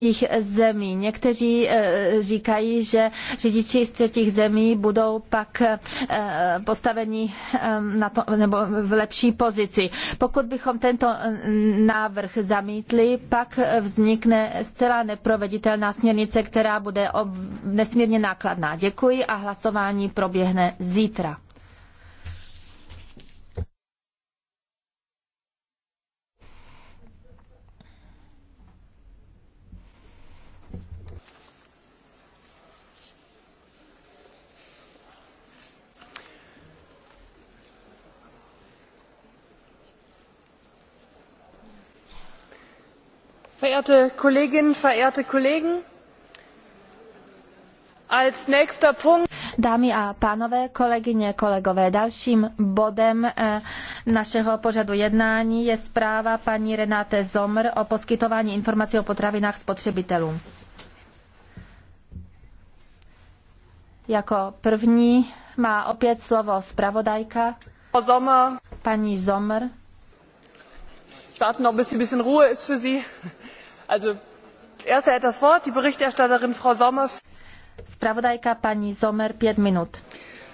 třetích zemí. Někteří eh, říkají, že řidiči z třetích zemí budou pak eh, postaveni ehm, na to, nebo v lepší pozici. Pokud bychom tento eh, návrh zamítli, pak vznikne zcela neproveditelná směrnice, která bude nesmírně nákladná. Děkuji a hlasování proběhne zítra. verehrte kolleginnen verehrte kollegen! als nächster punkt Dámy a pánové, kolegyně, kolegové, dalším bodem eh, našeho pořadu jednání je zpráva paní Renate Zomr o poskytování informací o potravinách spotřebitelům. Jako první má opět slovo zpravodajka paní Zomr. Ich warte noch, bis ein bisschen Ruhe ist für Sie. Also, Sommer. paní Sommer, pět minut.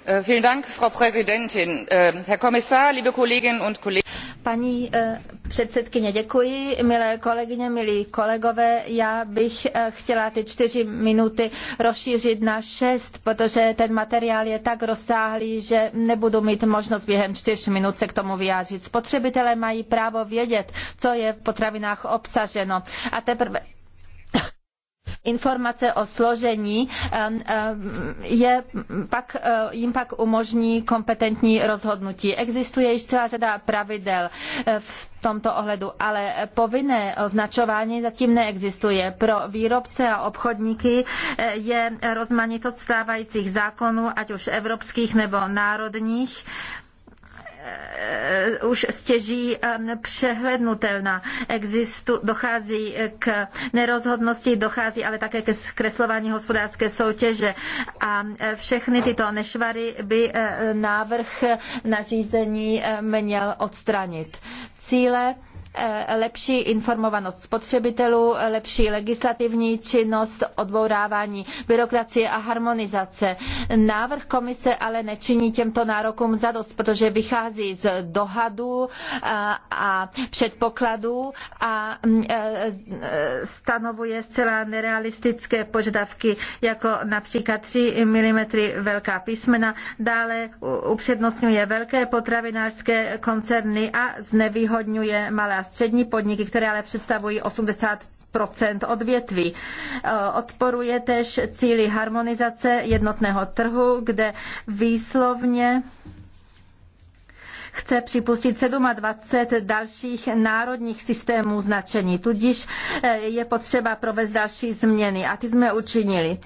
Äh, Frau Präsidentin, äh, Herr Kommissar, liebe Kolleginnen und Kollegen. Paní eh, předsedkyně, děkuji. Milé kolegyně, milí kolegové, já bych eh, chtěla ty čtyři minuty rozšířit na šest, protože ten materiál je tak rozsáhlý, že nebudu mít možnost během čtyř minut se k tomu vyjádřit. Spotřebitelé mají právo vědět, co je v potravinách obsaženo. A teprve informace o složení eh, eh, je pak, eh, jim pak umožní kompetentní rozhodnutí. Existuje již celá řada pravidel v tomto ohledu, ale povinné označování zatím neexistuje. Pro výrobce a obchodníky je rozmanitost stávajících zákonů, ať už evropských nebo národních, už stěží ehm, přehlednutelná. Existu, dochází k nerozhodnosti, dochází ale také ke zkreslování hospodářské soutěže a e, všechny tyto nešvary by e, návrh nařízení e, měl odstranit. Cíle Eh, lepší informovanost spotřebitelů, lepší legislativní činnost, odbourávání byrokracie a harmonizace. Návrh komise ale nečiní těmto nárokům zadost, protože vychází z dohadů eh, a předpokladů a mm, eh, stanovuje zcela nerealistické požadavky, jako například 3 mm velká písmena. Dále upřednostňuje velké potravinářské koncerny a znevýhodňuje malé a střední podniky, které ale představují 80 odvětví. Odporuje též cíli harmonizace jednotného trhu, kde výslovně chce připustit 27 dalších národních systémů značení. Tudíž eh, je potřeba provést další změny a ty jsme učinili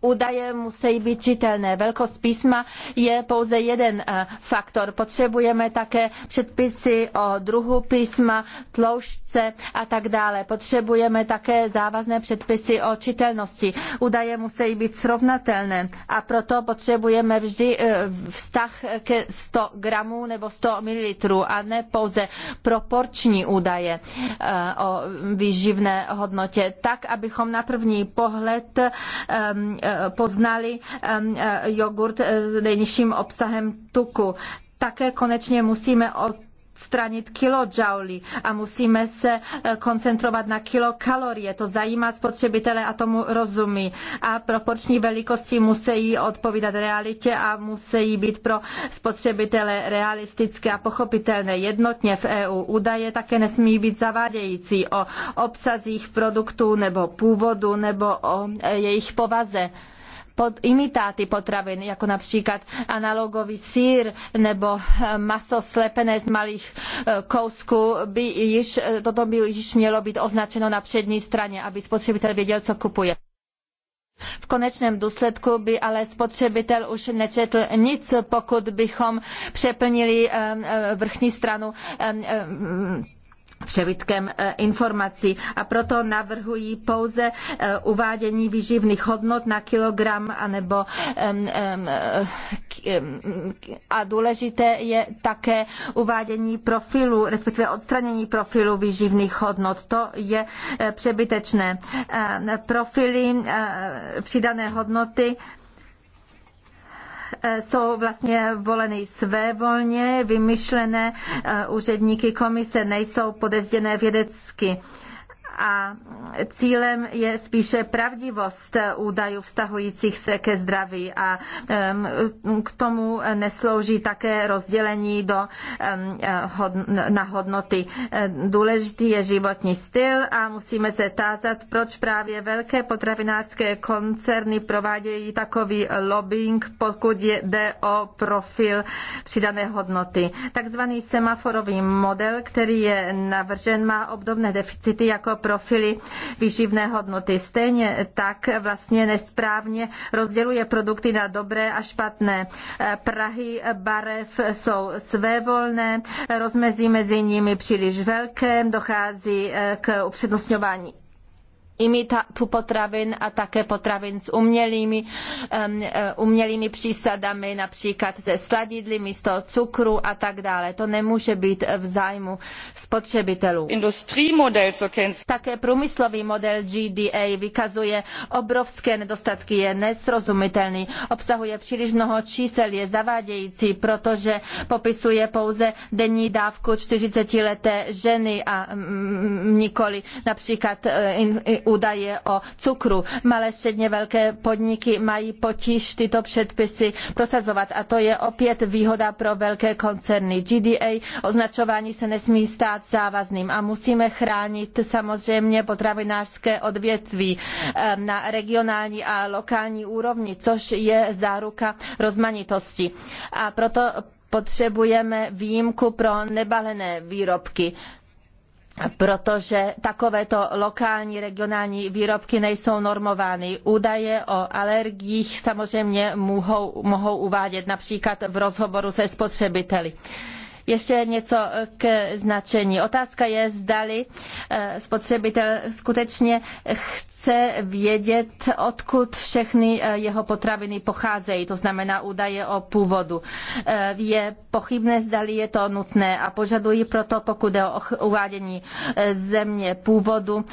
údaje musí být čitelné. Velkost písma je pouze jeden eh, faktor. Potřebujeme také předpisy o druhu písma, tloušťce a tak dále. Potřebujeme také závazné předpisy o čitelnosti. Údaje musí být srovnatelné a proto potřebujeme vždy eh, vztah ke 100 gramů nebo 100 mililitrů a ne pouze proporční údaje eh, o výživné hodnotě, tak abychom na první pohled ehm, poznali eh, jogurt s nejnižším obsahem tuku. Také konečně musíme od odstranit kilojouly a musíme se eh, koncentrovat na kilokalorie. To zajímá spotřebitele a tomu rozumí. A proporční velikosti musí odpovídat realitě a musí být pro spotřebitele realistické a pochopitelné jednotně v EU. Údaje také nesmí být zavádějící o obsazích produktů nebo původu nebo o eh, jejich povaze pod imitáty potravin, jako například analogový sír nebo eh, maso slepené z malých eh, kousků, by již, eh, toto by již mělo být označeno na přední straně, aby spotřebitel věděl, co kupuje. V konečném důsledku by ale spotřebitel už nečetl nic, pokud bychom přeplnili vrchní stranu přebytkem eh, informací a proto navrhují pouze eh, uvádění výživných hodnot na kilogram anebo a důležité je také uvádění profilu, respektive odstranění profilu výživných hodnot. To je eh, přebytečné. Profily přidané hodnoty Eh, jsou vlastně voleny svévolně, vymyšlené eh, úředníky komise, nejsou podezděné vědecky a cílem je spíše pravdivost údajů vztahujících se ke zdraví a k tomu neslouží také rozdělení do, na hodnoty. Důležitý je životní styl a musíme se tázat, proč právě velké potravinářské koncerny provádějí takový lobbying, pokud jde o profil přidané hodnoty. Takzvaný semaforový model, který je navržen, má obdobné deficity jako profily výživné hodnoty. Stejně tak vlastně nesprávně rozděluje produkty na dobré a špatné. Prahy barev jsou svévolné, rozmezí mezi nimi příliš velké, dochází eh, k upřednostňování imitátu potravin a také potravin s umělými, um, eh, umělými přísadami, například ze sladidly místo cukru a tak dále. To nemůže být v zájmu spotřebitelů. Také průmyslový model GDA vykazuje obrovské nedostatky, je nesrozumitelný, obsahuje příliš mnoho čísel, je zavádějící, protože popisuje pouze denní dávku 40-leté ženy a mm, mm nikoli například eh, in, in, údaje o cukru. Malé středně velké podniky mají potíž tyto předpisy prosazovat a to je opět výhoda pro velké koncerny. GDA označování se nesmí stát závazným a musíme chránit samozřejmě potravinářské odvětví ehm, na regionální a lokální úrovni, což je záruka rozmanitosti. A proto potřebujeme výjimku pro nebalené výrobky protože takovéto lokální regionální výrobky nejsou normovány. Údaje o alergiích samozřejmě mohou, mohou uvádět například v rozhovoru se spotřebiteli. Ještě něco k značení. Otázka je, zdali eh, spotřebitel skutečně chce vědět, odkud všechny eh, jeho potraviny pocházejí, to znamená údaje o původu. Eh, je pochybné, zdali je to nutné a požadují proto, pokud je o uvádění země původu,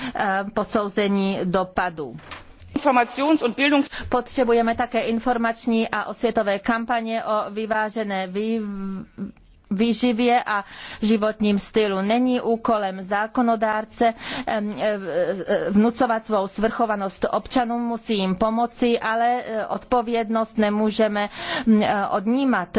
posouzení dopadů. Potřebujeme také informační a osvětové kampaně o vyvážené vý výživě a životním stylu. Není úkolem zákonodárce e, e, vnucovat svou svrchovanost občanům, musí jim pomoci, ale e, odpovědnost nemůžeme odnímat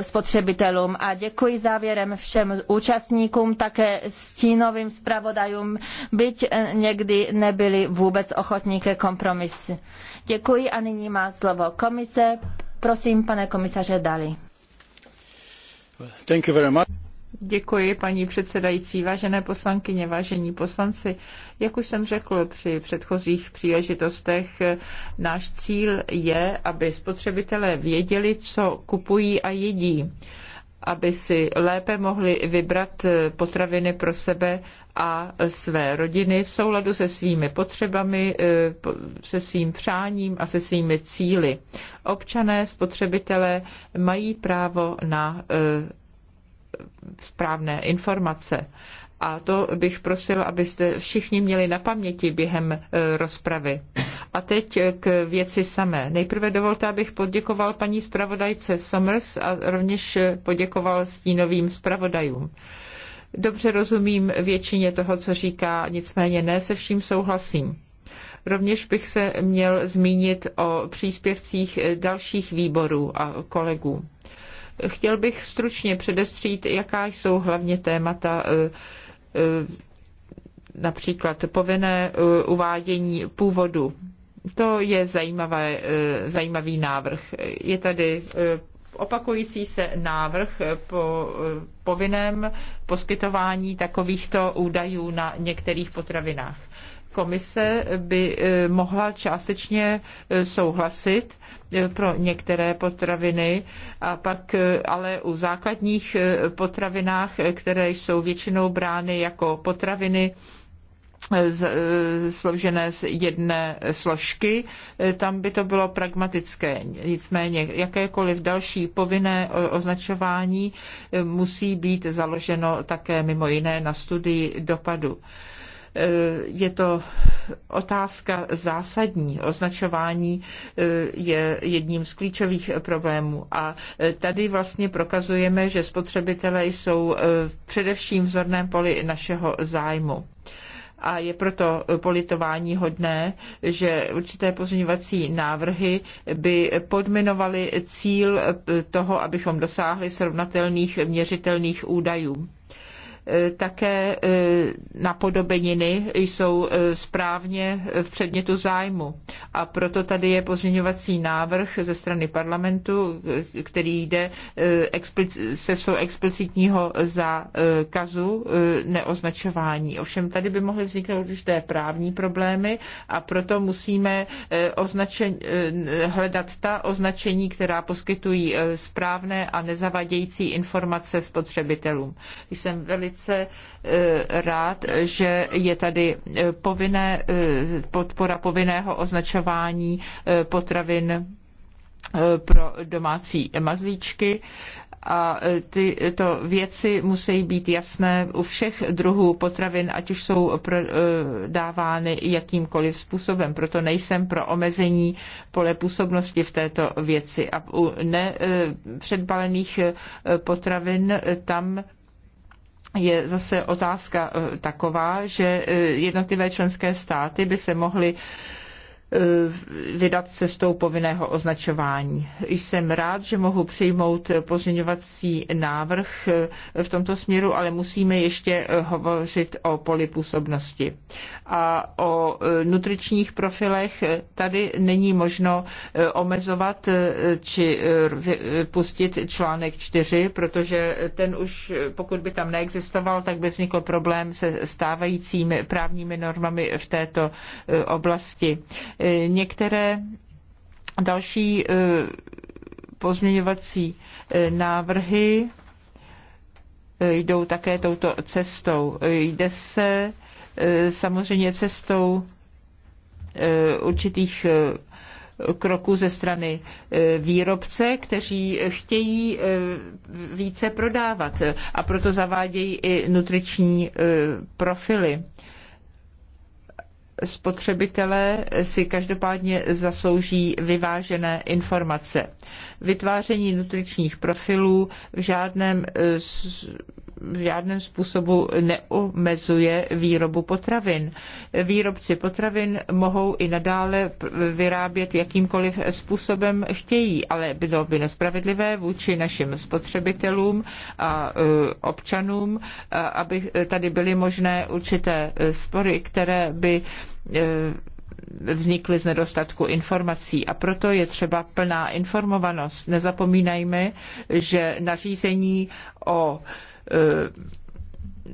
spotřebitelům. A děkuji závěrem všem účastníkům, také stínovým zpravodajům, byť někdy nebyli vůbec ochotní ke kompromisu. Děkuji a nyní má slovo komise. Prosím, pane komisaře Dali. Děkuji, paní předsedající, vážené poslankyně, vážení poslanci. Jak už jsem řekl při předchozích příležitostech, náš cíl je, aby spotřebitelé věděli, co kupují a jedí, aby si lépe mohli vybrat potraviny pro sebe a své rodiny v souladu se svými potřebami, e, se svým přáním a se svými cíly. Občané, spotřebitelé mají právo na e, správné informace. A to bych prosil, abyste všichni měli na paměti během e, rozpravy. A teď k věci samé. Nejprve dovolte, abych poděkoval paní zpravodajce Somers a rovněž poděkoval stínovým zpravodajům. Dobře rozumím většině toho, co říká, nicméně ne se vším souhlasím. Rovněž bych se měl zmínit o příspěvcích dalších výborů a kolegů. Chtěl bych stručně předestřít, jaká jsou hlavně témata e, e, například povinné e, uvádění původu. To je zajímavé, zajímavý návrh. Je tady opakující se návrh po eh, povinném poskytování takovýchto údajů na některých potravinách. Komise by eh, mohla částečně eh, souhlasit pro některé potraviny, a pak ale u základních potravinách, které jsou většinou brány jako potraviny, E, složené z jedné složky, e, tam by to bylo pragmatické. Nicméně jakékoliv další povinné označování e, musí být založeno také mimo jiné na studii dopadu je to otázka zásadní. Označování je jedním z klíčových problémů. A tady vlastně prokazujeme, že spotřebitelé jsou především v zorném poli našeho zájmu a je proto eh, politování hodné, že určité pozměňovací návrhy by podminovaly cíl eh, toho, abychom dosáhli srovnatelných měřitelných údajů. E, také e, napodobeniny jsou e, správně v předmětu zájmu. A proto tady je pozměňovací návrh ze strany parlamentu, který jde se svou explicitního zákazu neoznačování. Ovšem tady by mohly vzniknout určité právní problémy a proto musíme označen, hledat ta označení, která poskytují správné a nezavadějící informace spotřebitelům. Jsem velice velice eh, rád, že je tady eh, povinné, eh, podpora povinného označování potravin pro domácí mazlíčky a tyto věci musí být jasné u všech druhů potravin, ať už jsou dávány jakýmkoliv způsobem. Proto nejsem pro omezení pole působnosti v této věci. A u nepředbalených potravin tam je zase otázka eh, taková, že eh, jednotlivé členské státy by se mohly Eh, vydat cestou povinného označování. Jsem rád, že mohu přijmout pozměňovací návrh eh, v tomto směru, ale musíme ještě eh, hovořit o polipůsobnosti. A o nutričních profilech tady není možno omezovat či pustit článek 4, protože ten už, pokud by tam neexistoval, tak by vznikl problém se stávajícími právními normami v této oblasti. E, některé další e, pozměňovací e, návrhy jdou také touto cestou. Jde se samozřejmě cestou určitých kroků ze strany výrobce, kteří chtějí více prodávat a proto zavádějí i nutriční profily spotřebitelé si každopádně zaslouží vyvážené informace. Vytváření nutričních profilů v žádném eh, v žádném způsobu neomezuje výrobu potravin. Výrobci potravin mohou i nadále vyrábět jakýmkoliv způsobem chtějí, ale bylo by nespravedlivé vůči našim spotřebitelům a e, občanům, e, aby tady byly možné určité spory, které by e, vznikly z nedostatku informací a proto je třeba plná informovanost. Nezapomínajme, že nařízení o Eh,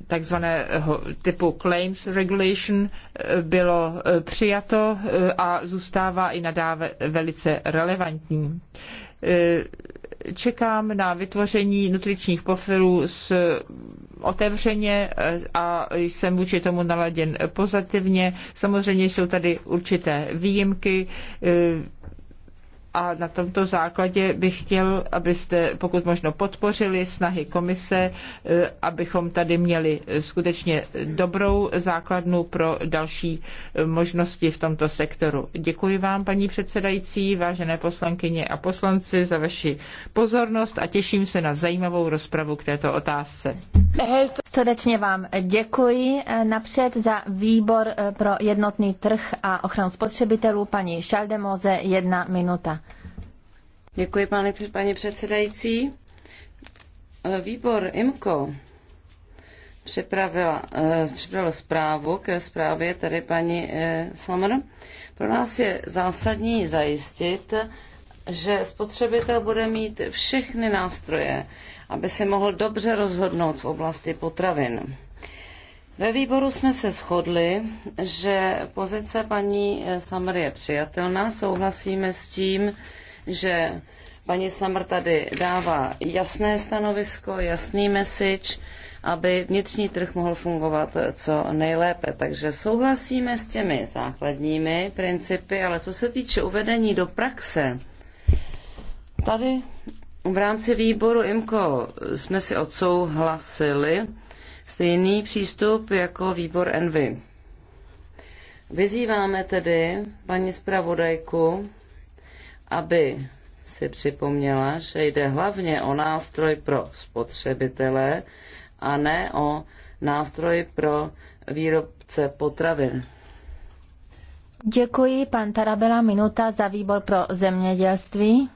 takzvaného typu claims regulation eh, bylo eh, přijato a zůstává i nadále velice relevantní. Čekám na vytvoření nutričních profilů s otevřeně a jsem vůči tomu naladěn pozitivně. Samozřejmě jsou tady určité výjimky, a na tomto základě bych chtěl, abyste pokud možno podpořili snahy komise, e, abychom tady měli skutečně dobrou základnu pro další e, možnosti v tomto sektoru. Děkuji vám, paní předsedající, vážené poslankyně a poslanci, za vaši pozornost a těším se na zajímavou rozpravu k této otázce. Srdečně vám děkuji eh, napřed za výbor eh, pro jednotný trh a ochranu spotřebitelů. Paní Šaldemoze, jedna minuta. Děkuji, pane, paní předsedající. Eh, výbor IMCO připravil zprávu ke zprávě tedy paní Summer. Pro nás je zásadní zajistit, že spotřebitel bude mít všechny nástroje, aby si mohl dobře rozhodnout v oblasti potravin. Ve výboru jsme se shodli, že pozice paní eh, Samr je přijatelná. Souhlasíme s tím, že paní Samr tady dává jasné stanovisko, jasný message, aby vnitřní trh mohl fungovat eh, co nejlépe. Takže souhlasíme s těmi základními principy, ale co se týče uvedení do praxe, tady v rámci výboru IMCO jsme si odsouhlasili stejný přístup jako výbor ENVY. Vyzýváme tedy paní zpravodajku, aby si připomněla, že jde hlavně o nástroj pro spotřebitele a ne o nástroj pro výrobce potravin. Děkuji, pan Tarabela Minuta za výbor pro zemědělství.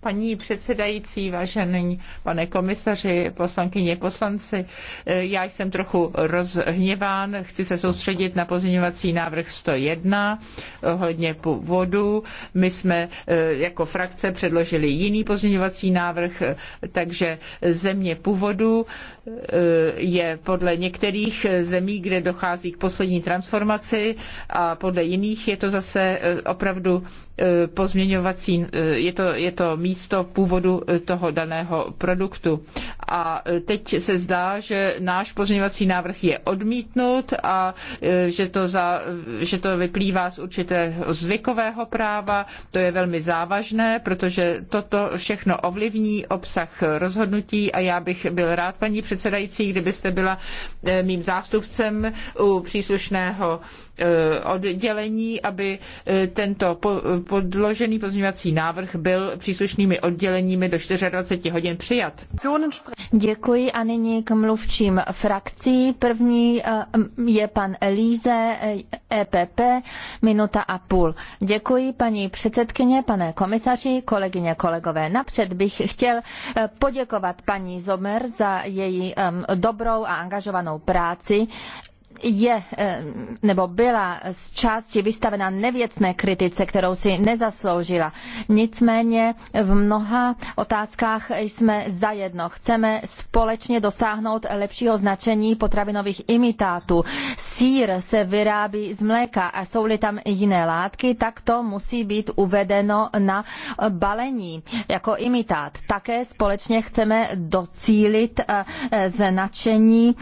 Paní předsedající, vážený pane komisaři, poslankyně, poslanci, já jsem trochu rozhněván, chci se soustředit na pozměňovací návrh 101 hodně původu. My jsme eh, jako frakce předložili jiný pozměňovací návrh, eh, takže země původu Eh, je podle některých zemí, kde dochází k poslední transformaci a podle jiných je to zase eh, opravdu eh, pozměňovací, je to, je to místo původu toho daného produktu. A teď se zdá, že náš pozměňovací návrh je odmítnut a že to, za, že to vyplývá z určitého zvykového práva. To je velmi závažné, protože toto všechno ovlivní obsah rozhodnutí a já bych byl rád, paní předsedkyně, předsedající, kdybyste byla eh, mým zástupcem u příslušného eh, oddělení, aby eh, tento podložený pozměňovací návrh byl příslušnými odděleními do 24 hodin přijat. Děkuji a nyní k mluvčím frakcí. První je pan Elíze, EPP, e minuta a půl. Děkuji paní předsedkyně, pane komisaři, kolegyně, kolegové. Napřed bych chtěl poděkovat paní Zomer za její Um, dobrou a angažovanou práci je eh, nebo byla z části vystavena nevěcné kritice, kterou si nezasloužila. Nicméně v mnoha otázkách jsme zajedno. Chceme společně dosáhnout lepšího značení potravinových imitátů. Sýr se vyrábí z mléka a jsou-li tam jiné látky, tak to musí být uvedeno na balení jako imitát. Také společně chceme docílit eh, eh, značení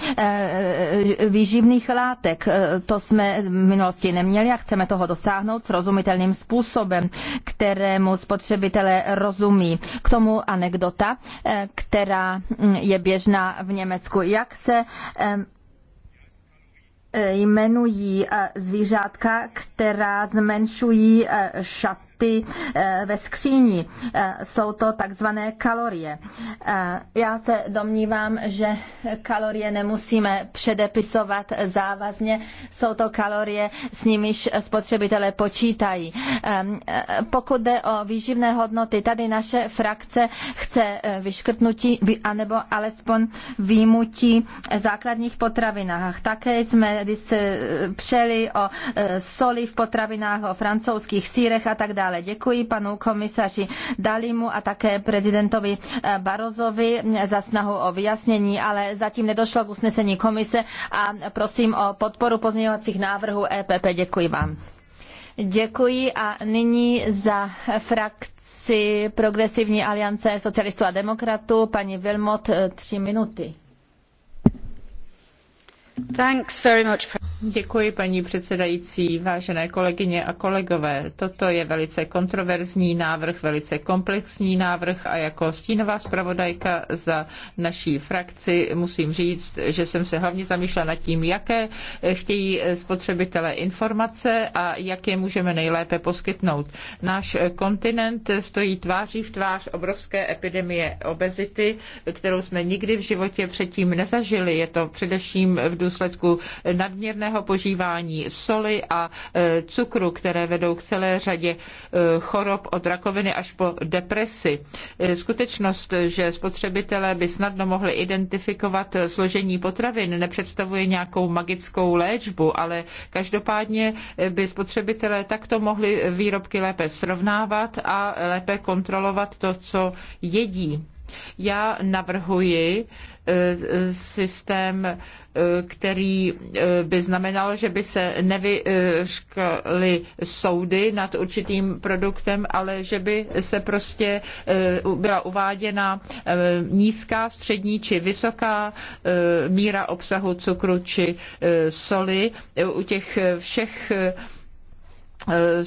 výživných nových látek. E, to jsme v minulosti neměli a chceme toho dosáhnout srozumitelným způsobem, kterému spotřebitelé rozumí. K tomu anekdota, e, která mm, je běžná v Německu. Jak se e, jmenují zvířátka, která zmenšují šat ty eh, ve skříni. Eh, jsou to takzvané kalorie. Eh, já se domnívám, že kalorie nemusíme předepisovat závazně. Jsou to kalorie, s nimiž spotřebitelé počítají. Ehm, pokud jde o výživné hodnoty, tady naše frakce chce vyškrtnutí anebo alespoň výjimutí základních potravinách. Také jsme se přeli o soli v potravinách, o francouzských sírech a tak dále dále. Děkuji panu komisaři Dalimu a také prezidentovi eh, Barozovi za snahu o vyjasnění, ale zatím nedošlo k usnesení komise a prosím o podporu pozměňovacích návrhů EPP. Děkuji vám. Děkuji a nyní za frakci Progresivní aliance socialistů a demokratů paní Vilmot eh, tři minuty. Thanks very much. Děkuji, paní předsedající, vážené kolegyně a kolegové. Toto je velice kontroverzní návrh, velice komplexní návrh a jako stínová zpravodajka za naší frakci musím říct, že jsem se hlavně zamýšlela nad tím, jaké chtějí spotřebitelé informace a jak je můžeme nejlépe poskytnout. Náš kontinent stojí tváří v tvář obrovské epidemie obezity, kterou jsme nikdy v životě předtím nezažili. Je to především v důsledku nadměrného nadměrného požívání soli a e, cukru, které vedou k celé řadě e, chorob od rakoviny až po depresi. E, skutečnost, že spotřebitelé by snadno mohli identifikovat složení potravin, nepředstavuje nějakou magickou léčbu, ale každopádně by spotřebitelé takto mohli výrobky lépe srovnávat a lépe kontrolovat to, co jedí. Já navrhuji systém, eh, který eh, by znamenal, že by se nevyškaly soudy nad určitým produktem, ale že by se prostě eh, byla uváděna nízká, střední či vysoká míra obsahu cukru či soli u těch všech Eh,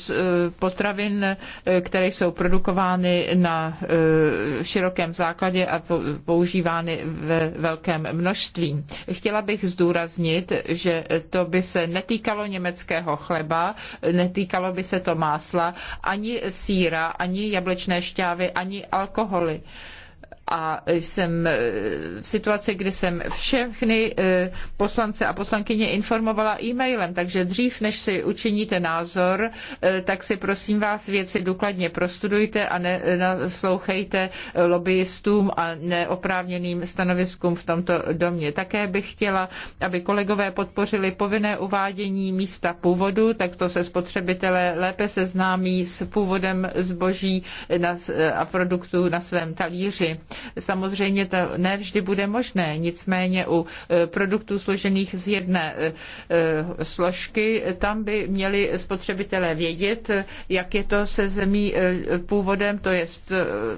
potravin, eh, které jsou produkovány na eh, širokém základě a používány ve velkém množství. Chtěla bych zdůraznit, že to by se netýkalo německého chleba, netýkalo by se to másla, ani síra, ani jablečné šťávy, ani alkoholy a jsem eh, v situaci, kdy jsem všechny eh, poslance a poslankyně informovala e-mailem, takže dřív, než si učiníte názor, eh, tak si prosím vás věci důkladně prostudujte a neslouchejte lobbyistům a neoprávněným stanoviskům v tomto domě. Také bych chtěla, aby kolegové podpořili povinné uvádění místa původu, tak to se spotřebitelé lépe seznámí s původem zboží a produktů na svém talíři. Samozřejmě to ne vždy bude možné, nicméně u e, produktů složených z jedné e, e, složky, tam by měli spotřebitelé vědět, jak je to se zemí původem, to je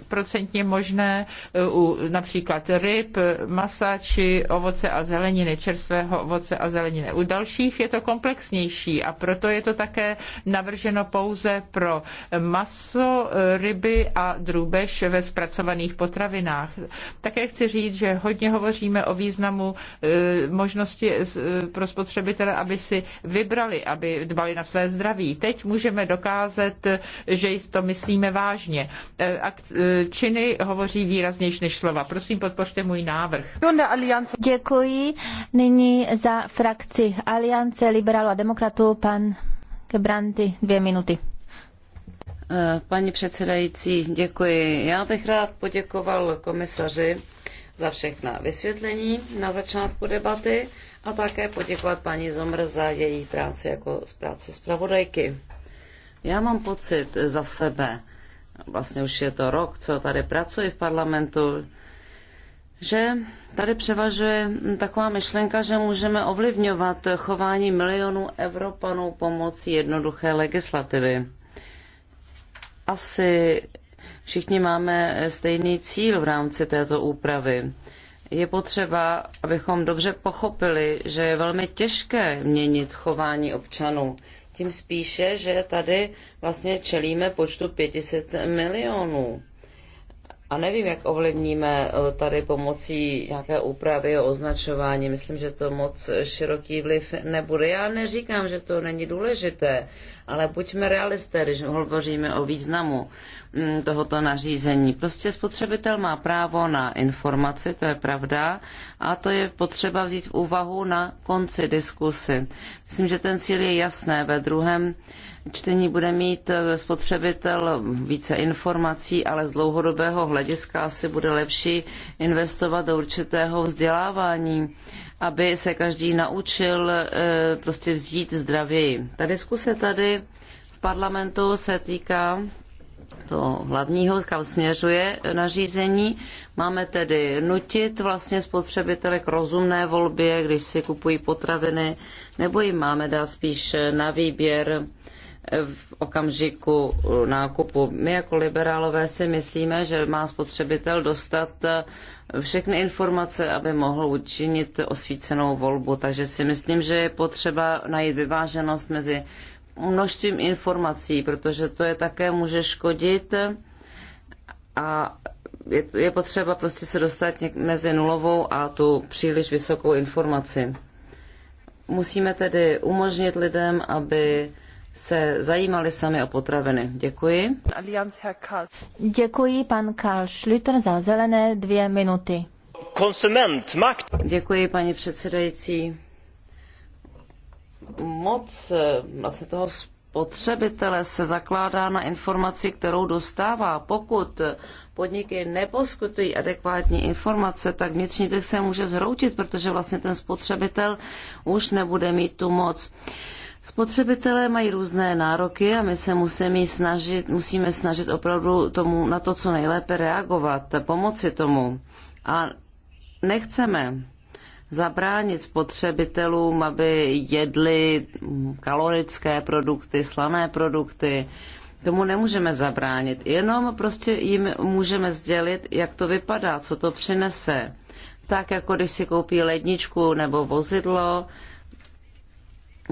procentně možné u například ryb, masa či ovoce a zeleniny, čerstvého ovoce a zeleniny. U dalších je to komplexnější a proto je to také navrženo pouze pro maso, ryby a drůbež ve zpracovaných potravinách rodinách. Také chci říct, že hodně hovoříme o významu e, možnosti e, e, pro spotřebitele, aby si vybrali, aby dbali na své zdraví. Teď můžeme dokázat, že to myslíme vážně. Činy hovoří výraznější než slova. Prosím, podpořte můj návrh. Děkuji. Nyní za frakci Aliance liberálu a demokratů pan Gebranty dvě minuty. Paní předsedající, děkuji. Já bych rád poděkoval komisaři za všechna vysvětlení na začátku debaty a také poděkovat paní Zomr za její práci jako z práce zpravodajky. Já mám pocit za sebe, vlastně už je to rok, co tady pracuji v parlamentu, že tady převažuje taková myšlenka, že můžeme ovlivňovat chování milionů Evropanů pomocí jednoduché legislativy asi všichni máme stejný cíl v rámci této úpravy. Je potřeba, abychom dobře pochopili, že je velmi těžké měnit chování občanů. Tím spíše, že tady vlastně čelíme počtu 500 milionů. A nevím, jak ovlivníme eh, tady pomocí nějaké úpravy o označování. Myslím, že to moc široký vliv nebude. Já neříkám, že to není důležité, ale buďme realisté, když hovoříme o významu. Mm, tohoto nařízení. Prostě spotřebitel má právo na informaci, to je pravda, a to je potřeba vzít v úvahu na konci diskusy. Myslím, že ten cíl je jasný. Ve druhém čtení bude mít eh, spotřebitel více informací, ale z dlouhodobého hlediska asi bude lepší investovat do určitého vzdělávání, aby se každý naučil eh, prostě vzít zdravěji. Ta diskuse tady v parlamentu se týká toho hlavního, kam směřuje nařízení. Máme tedy nutit vlastně spotřebitele k rozumné volbě, když si kupují potraviny, nebo jim máme dát spíš na výběr v okamžiku nákupu. My jako liberálové si myslíme, že má spotřebitel dostat všechny informace, aby mohl učinit osvícenou volbu. Takže si myslím, že je potřeba najít vyváženost mezi množstvím informací, protože to je také může škodit a je, je potřeba prostě se dostat něk- mezi nulovou a tu příliš vysokou informaci. Musíme tedy umožnit lidem, aby se zajímali sami o potraviny. Děkuji. Děkuji pan Karl Schlüter za zelené dvě minuty. Konsument, Děkuji paní předsedající moc eh, vlastně toho spotřebitele se zakládá na informaci, kterou dostává. Pokud podniky neposkytují adekvátní informace, tak vnitřní trh se může zhroutit, protože vlastně ten spotřebitel už nebude mít tu moc. Spotřebitelé mají různé nároky a my se musíme snažit, musíme snažit opravdu tomu na to, co nejlépe reagovat, pomoci tomu. A nechceme, zabránit spotřebitelům, aby jedli kalorické produkty, slané produkty. Tomu nemůžeme zabránit, jenom prostě jim můžeme sdělit, jak to vypadá, co to přinese. Tak jako když si koupí ledničku nebo vozidlo,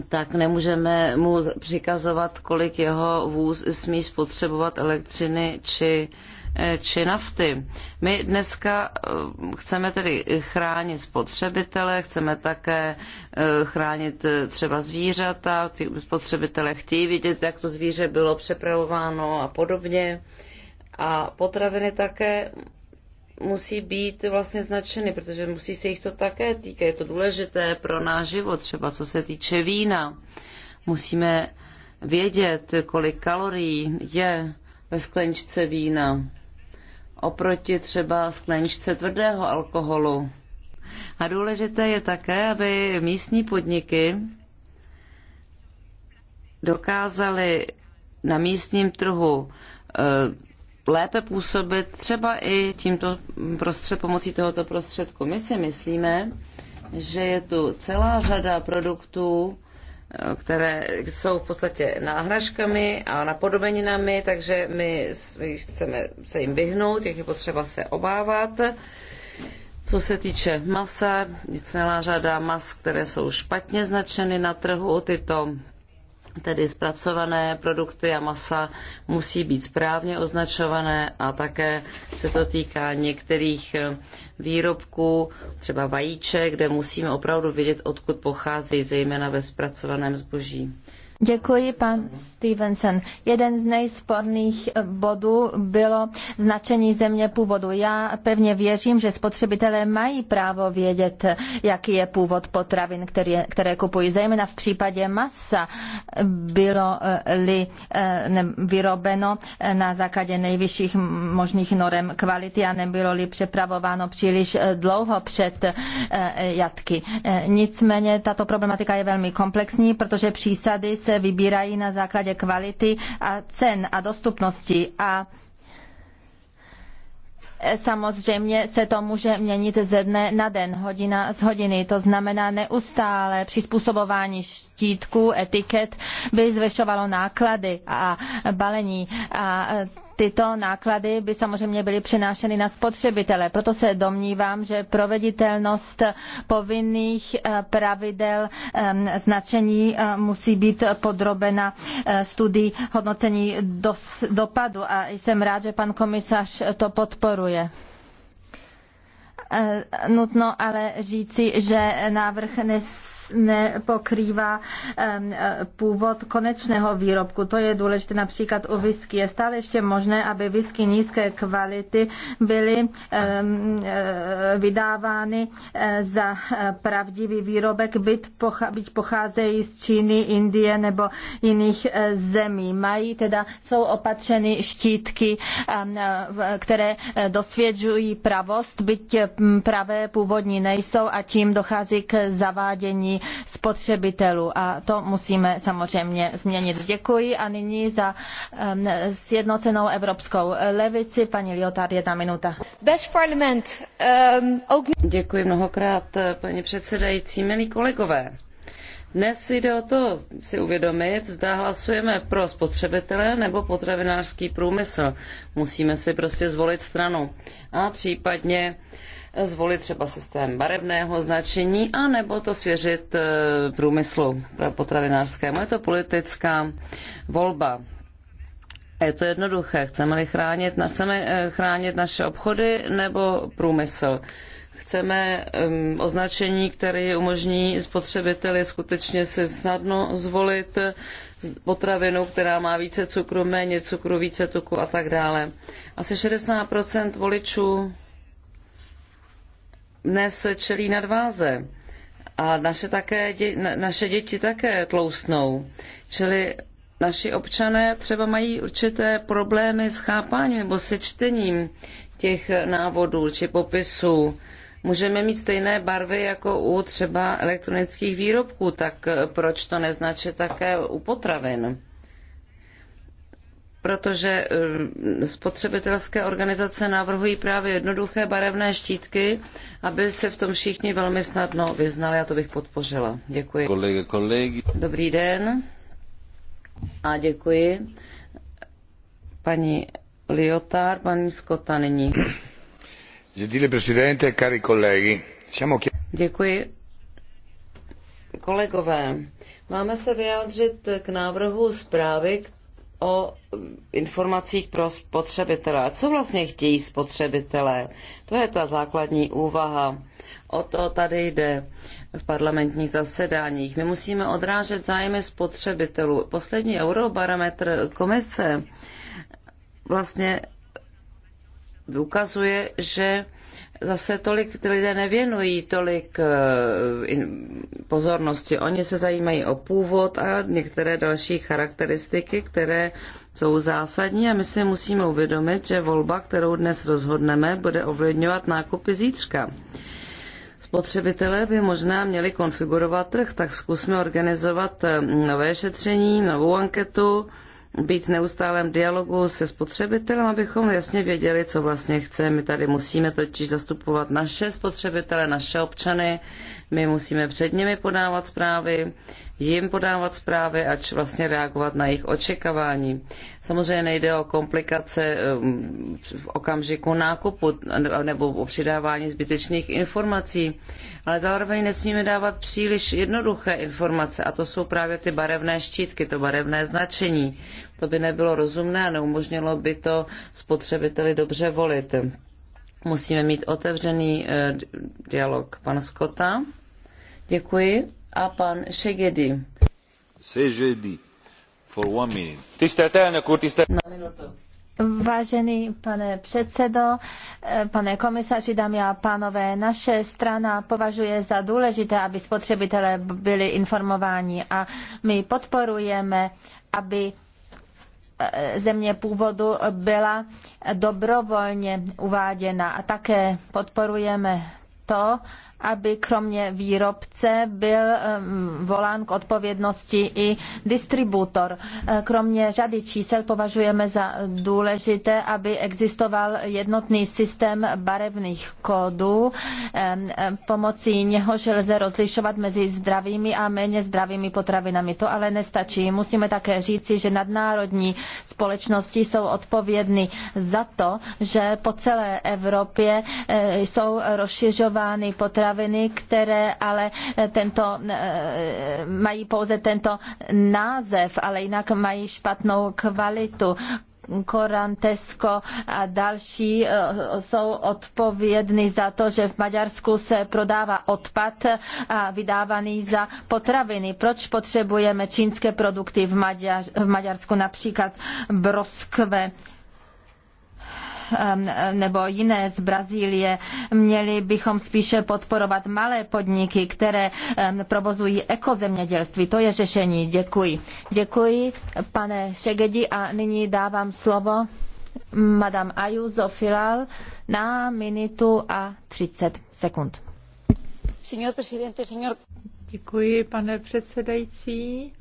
tak nemůžeme mu přikazovat, kolik jeho vůz smí spotřebovat elektřiny či uh, Eh, či nafty. My dneska eh, chceme tedy chránit spotřebitele, chceme také eh, chránit třeba zvířata, ty spotřebitele chtějí vidět, jak to zvíře bylo přepravováno a podobně. A potraviny také musí být vlastně značeny, protože musí se jich to také týkat. Je to důležité pro náš život, třeba co se týče vína. Musíme vědět, kolik kalorií je ve skleničce vína oproti třeba skleničce tvrdého alkoholu. A důležité je také, aby místní podniky dokázaly na místním trhu eh, lépe působit třeba i tímto prostřed, pomocí tohoto prostředku. My si myslíme, že je tu celá řada produktů, které jsou v podstatě náhražkami a napodobeninami, takže my chceme se jim vyhnout, jak je potřeba se obávat. Co se týče masa, je celá řada mas, které jsou špatně značeny na trhu. Tyto tedy zpracované produkty a masa musí být správně označované a také se to týká některých eh, výrobků, třeba vajíček, kde musíme opravdu vědět, odkud pochází, zejména ve zpracovaném zboží. Děkuji, pan Stevenson. Jeden z nejsporných eh, bodů bylo značení země původu. Já pevně věřím, že spotřebitelé mají právo vědět, jaký je původ potravin, které, které kupují. Zejména v případě masa bylo-li eh, eh, vyrobeno na základě nejvyšších možných norem kvality a nebylo-li přepravováno příliš dlouho před jatky. Nicméně tato problematika je velmi komplexní, protože přísady se se vybírají na základě kvality a cen a dostupnosti a Samozřejmě se to může měnit ze dne na den, hodina z hodiny. To znamená neustále přizpůsobování štítků, etiket by zvyšovalo náklady a balení. A tyto náklady by samozřejmě byly přenášeny na spotřebitele. Proto se domnívám, že proveditelnost povinných eh, pravidel ehm, značení eh, musí být podrobena eh, studii hodnocení dopadu a jsem rád, že pan komisař to podporuje nutno ale říci, že návrh nes nepokrývá e, původ konečného výrobku. To je důležité například u whisky. Je stále ještě možné, aby whisky nízké kvality byly e, vydávány e, za pravdivý výrobek, byť pocházejí z Číny, Indie nebo jiných zemí. Mají teda, jsou opatřeny štítky, které dosvědčují pravost, byť pravé původní nejsou a tím dochází k zavádění spotřebitelů a to musíme samozřejmě změnit. Děkuji a nyní za sjednocenou evropskou levici paní Liotard jedna minuta. Bez parlament. Um, ok... Děkuji mnohokrát, eh, paní předsedající, milí kolegové. Dnes jde o to si uvědomit, zda hlasujeme pro spotřebitele nebo potravinářský průmysl. Musíme si prostě zvolit stranu a případně zvolit třeba systém barevného značení a nebo to svěřit e, průmyslu potravinářskému. Je to politická volba. Je to jednoduché. Chceme-li chránit, chceme e, chránit naše obchody nebo průmysl? Chceme označení, které umožní spotřebiteli skutečně si snadno zvolit e, potravinu, která má více cukru, méně cukru, více tuku a tak dále. Asi 60% voličů dnes čelí nadváze. A naše, také, naše děti také tloustnou. Čili naši občané třeba mají určité problémy s chápáním nebo se čtením těch návodů či popisů. Můžeme mít stejné barvy jako u třeba elektronických výrobků, tak proč to neznačit také u potravin? protože eh, spotřebitelské organizace navrhují právě jednoduché barevné štítky, aby se v tom všichni velmi snadno vyznali a to bych podpořila. Děkuji. Kolega, kolegy. Dobrý den a děkuji. Paní Liotár, paní Skota nyní. Gentile presidente, cari colleghi, siamo Děkuji. Kolegové, máme se vyjádřit k návrhu zprávy, o informacích pro spotřebitele. Co vlastně chtějí spotřebitelé? To je ta základní úvaha. O to tady jde v parlamentních zasedáních. My musíme odrážet zájmy spotřebitelů. Poslední eurobarometr komise vlastně ukazuje, že zase tolik lidé nevěnují tolik eh, pozornosti. Oni se zajímají o původ a některé další charakteristiky, které jsou zásadní a my si musíme uvědomit, že volba, kterou dnes rozhodneme, bude ovlivňovat nákupy zítřka. Spotřebitelé by možná měli konfigurovat trh, tak zkusme organizovat eh, nové šetření, novou anketu, být v neustálém dialogu se spotřebitelem, abychom jasně věděli, co vlastně chce. My tady musíme totiž zastupovat naše spotřebitele, naše občany, my musíme před nimi podávat zprávy, jim podávat zprávy, ač vlastně reagovat na jejich očekávání. Samozřejmě nejde o komplikace um, v okamžiku nákupu nebo o přidávání zbytečných informací ale zároveň nesmíme dávat příliš jednoduché informace a to jsou právě ty barevné štítky, to barevné značení. To by nebylo rozumné a neumožnilo by to spotřebiteli dobře volit. Musíme mít otevřený eh, dialog. Pan Skota, děkuji. A pan Šegedy. Šegedy. For one minute. Tisztelt elnök úr, tisztelt... Na minutu. Vážený pane předsedo, eh, pane komisaři, dámy a pánové, naše strana považuje za důležité, aby spotřebitelé byli informováni a my podporujeme, aby eh, země původu byla dobrovolně uváděna a také podporujeme to, aby kromě výrobce byl volán k odpovědnosti i distributor. Eh, kromě řady čísel považujeme za důležité, aby existoval jednotný systém barevných kódů, pomocí něhož lze rozlišovat mezi zdravými a méně zdravými potravinami. To ale nestačí. Musíme také říci, že nadnárodní společnosti jsou odpovědny za to, že po celé Evropě eh, jsou rozšiřovány potraviny potraviny, které ale eh, tento, eh, mají pouze tento název, ale jinak mají špatnou kvalitu. Korantesko a další eh, jsou odpovědní za to, že v Maďarsku se prodává odpad a vydávaný za potraviny. Proč potřebujeme čínské produkty v, Maďař, v Maďarsku, například broskve? Um, nebo jiné z Brazílie. Měli bychom spíše podporovat malé podniky, které um, provozují ekozemědělství. To je řešení. Děkuji. Děkuji, pane Šegedi, a nyní dávám slovo Madame Ayuso Filal na minutu a 30 sekund. Děkuji, pane předsedající.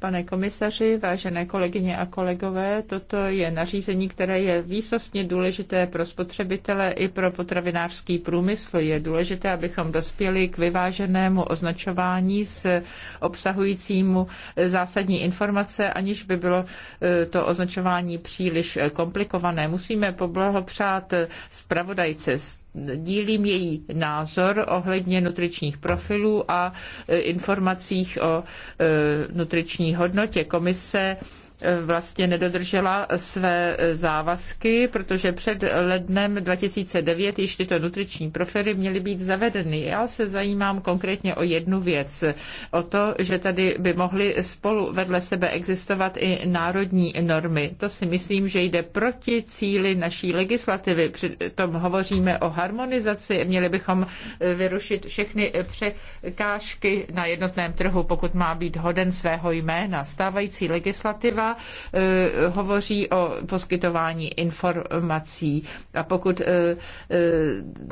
Pane komisaři, vážené kolegyně a kolegové, toto je nařízení, které je výsostně důležité pro spotřebitele i pro potravinářský průmysl. Je důležité, abychom dospěli k vyváženému označování s obsahujícímu zásadní informace, aniž by bylo eh, to označování příliš komplikované. Musíme poblahopřát eh, zpravodajce dílím její názor ohledně nutričních profilů a e, informacích o e, nutriční hodnotě. Komise vlastně nedodržela své závazky, protože před lednem 2009 již tyto nutriční profily měly být zavedeny. Já se zajímám konkrétně o jednu věc, o to, že tady by mohly spolu vedle sebe existovat i národní normy. To si myslím, že jde proti cíli naší legislativy. Přitom hovoříme o harmonizaci, měli bychom eh, vyrušit všechny překážky na jednotném trhu, pokud má být hoden svého jména. Stávající legislativa Eh, hovoří o poskytování informací. A pokud eh, eh,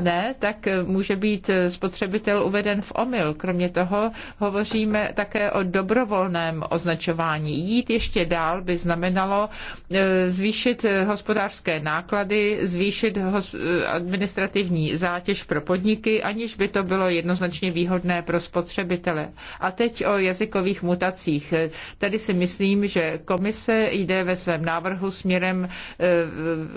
ne, tak může být spotřebitel uveden v omyl. Kromě toho hovoříme také o dobrovolném označování. Jít ještě dál by znamenalo zvýšit hospodářské náklady, zvýšit administrativní zátěž pro podniky, aniž by to bylo jednoznačně výhodné pro spotřebitele. A teď o jazykových mutacích. Tady si myslím, že komis- Komise jde ve svém návrhu směrem, eh,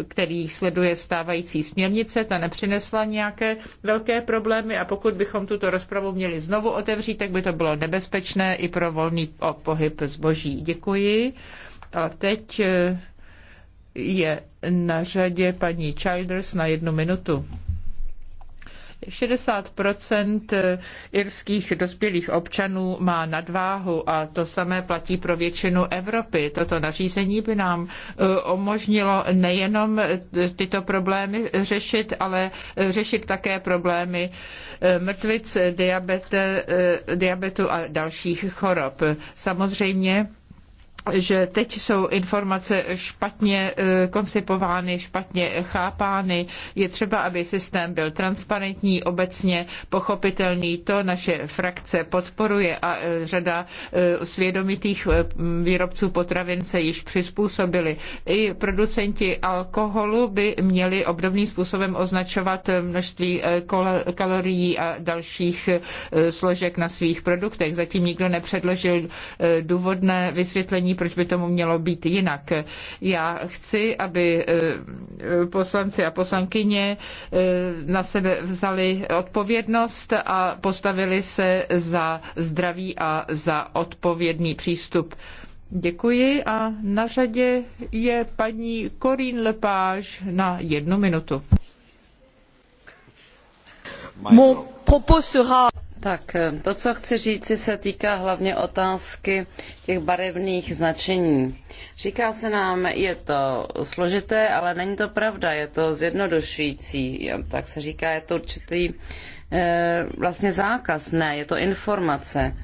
který sleduje stávající směrnice. Ta nepřinesla nějaké velké problémy a pokud bychom tuto rozpravu měli znovu otevřít, tak by to bylo nebezpečné i pro volný pohyb zboží. Děkuji. A teď eh, je na řadě paní Childers na jednu minutu. 60 eh, irských dospělých občanů má nadváhu a to samé platí pro většinu Evropy. Toto nařízení by nám eh, umožnilo nejenom eh, tyto problémy řešit, ale řešit také problémy mrtvic, diabete, diabetu a dalších chorob. Samozřejmě že teď jsou informace špatně eh, koncipovány, špatně chápány. Je třeba, aby systém byl transparentní, obecně pochopitelný. To naše frakce podporuje a eh, řada eh, svědomitých výrobců potravin se již přizpůsobili. I producenti alkoholu by měli obdobným způsobem označovat množství kalorií a dalších složek na svých produktech. Zatím nikdo nepředložil důvodné vysvětlení proč by tomu mělo být jinak. Já chci, aby eh, poslanci a poslankyně eh, na sebe vzali odpovědnost a postavili se za zdraví a za odpovědný přístup. Děkuji a na řadě je paní Korín Lepáž na jednu minutu. Mon propos sera... Tak eh, to, co chci říci, se týká hlavně otázky těch barevných značení. Říká se nám, je to složité, ale není to pravda, je to zjednodušující. Tak se říká, je to určitý eh, vlastně zákaz. Ne, je to informace.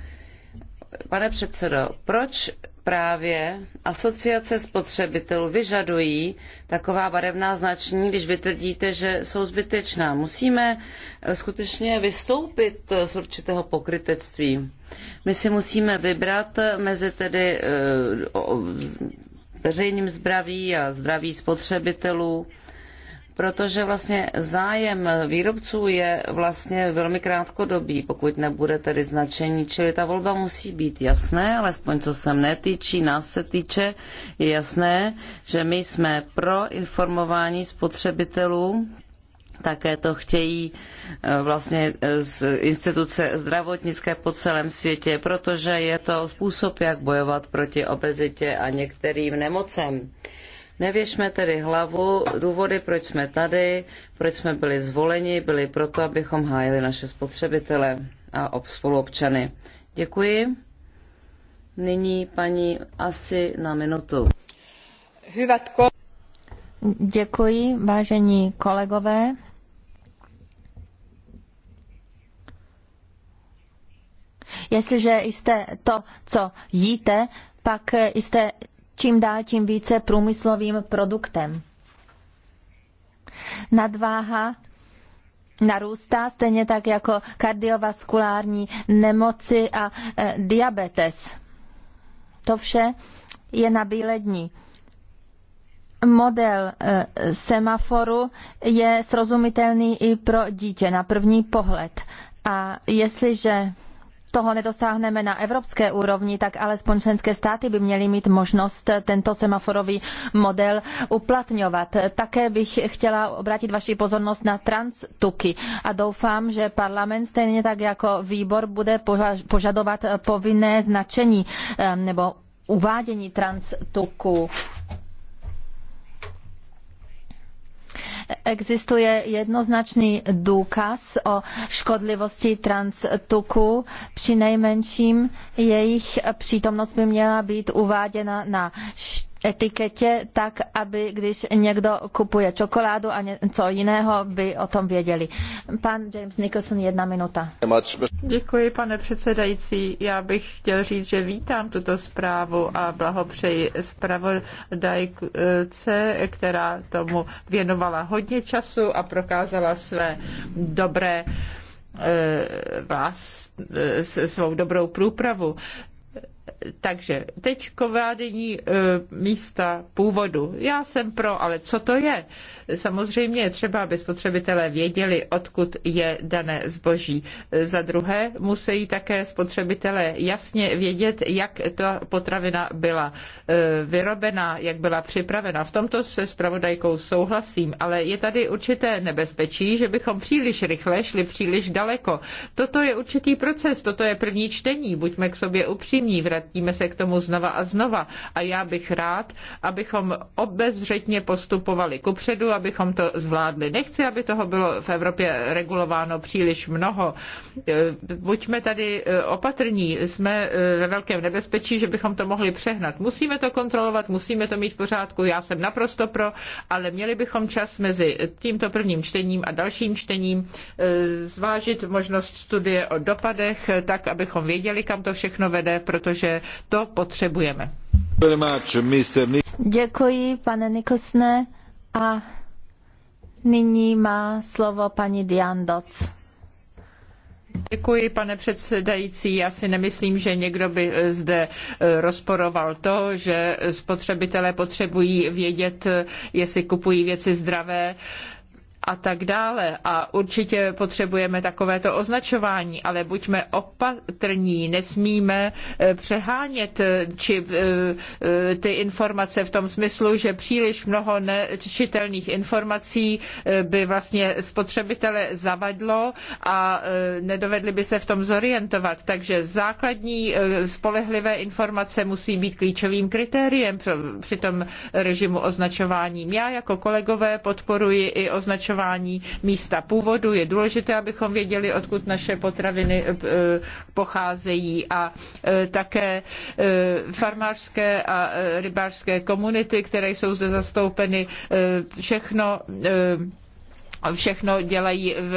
Pane předsedo, proč právě asociace spotřebitelů vyžadují taková barevná značení, když vytvrdíte, že jsou zbytečná. Musíme eh, skutečně vystoupit eh, z určitého pokrytectví. My si musíme vybrat mezi tedy eh, veřejným zdraví a zdraví spotřebitelů protože vlastně zájem výrobců je vlastně velmi krátkodobý, pokud nebude tedy značení, čili ta volba musí být jasné, alespoň co se mne týčí, nás se týče, je jasné, že my jsme pro informování spotřebitelů, také to chtějí eh, vlastně eh, z instituce zdravotnické po celém světě, protože je to způsob, jak bojovat proti obezitě a některým nemocem. Nevěšme tedy hlavu, důvody, proč jsme tady, proč jsme byli zvoleni, byly proto, abychom hájili naše spotřebitele a spoluobčany. Děkuji. Nyní paní asi na minutu. Děkuji, vážení kolegové. Jestliže jste to, co jíte, pak jste čím dál tím více průmyslovým produktem. Nadváha narůstá stejně tak jako kardiovaskulární nemoci a e, diabetes. To vše je na bílední. Model e, semaforu je srozumitelný i pro dítě na první pohled. A jestliže toho nedosáhneme na evropské úrovni, tak alespoň členské státy by měly mít možnost tento semaforový model uplatňovat. Také bych chtěla obrátit vaši pozornost na transtuky a doufám, že parlament stejně tak jako výbor bude požadovat povinné značení eh, nebo uvádění transtuku Existuje jednoznačný důkaz o škodlivosti transtuku, při nejmenším jejich přítomnost by měla být uváděna na št- etiketě, tak aby když někdo kupuje čokoládu a něco jiného, by o tom věděli. Pan James Nicholson, jedna minuta. Děkuji, pane předsedající. Já bych chtěl říct, že vítám tuto zprávu a blahopřeji zpravodajce, která tomu věnovala hodně času a prokázala své dobré eh, vás eh, svou dobrou průpravu. Takže teď kovádění e, místa původu. Já jsem pro, ale co to je? Samozřejmě je třeba, aby spotřebitelé věděli, odkud je dané zboží. Za druhé musí také spotřebitelé jasně vědět, jak ta potravina byla e, vyrobena, jak byla připravena. V tomto se s pravodajkou souhlasím, ale je tady určité nebezpečí, že bychom příliš rychle šli příliš daleko. Toto je určitý proces, toto je první čtení, buďme k sobě upřímní, vrátíme se k tomu znova a znova. A já bych rád, abychom obezřetně postupovali kupředu abychom to zvládli. Nechci, aby toho bylo v Evropě regulováno příliš mnoho. E, buďme tady e, opatrní, jsme e, ve velkém nebezpečí, že bychom to mohli přehnat. Musíme to kontrolovat, musíme to mít v pořádku, já jsem naprosto pro, ale měli bychom čas mezi tímto prvním čtením a dalším čtením zvážit možnost studie o dopadech, tak, abychom věděli, kam to všechno vede, protože to potřebujeme. Děkuji, pane Nikosne. A Nyní má slovo paní Diane Děkuji, pane předsedající. Já si nemyslím, že někdo by eh, zde eh, rozporoval to, že spotřebitelé potřebují vědět, eh, jestli kupují věci zdravé a tak dále. A určitě potřebujeme takovéto označování, ale buďme opatrní, nesmíme eh, přehánět eh, či eh, ty informace v tom smyslu, že příliš mnoho nečitelných informací by vlastně spotřebitele zavadlo a nedovedli by se v tom zorientovat. Takže základní spolehlivé informace musí být klíčovým kritériem při tom režimu označování. Já jako kolegové podporuji i označování označování místa původu. Je důležité, abychom věděli, odkud naše potraviny eh, pocházejí a eh, také eh, farmářské a rybářské komunity, které jsou zde zastoupeny, všechno všechno dělají v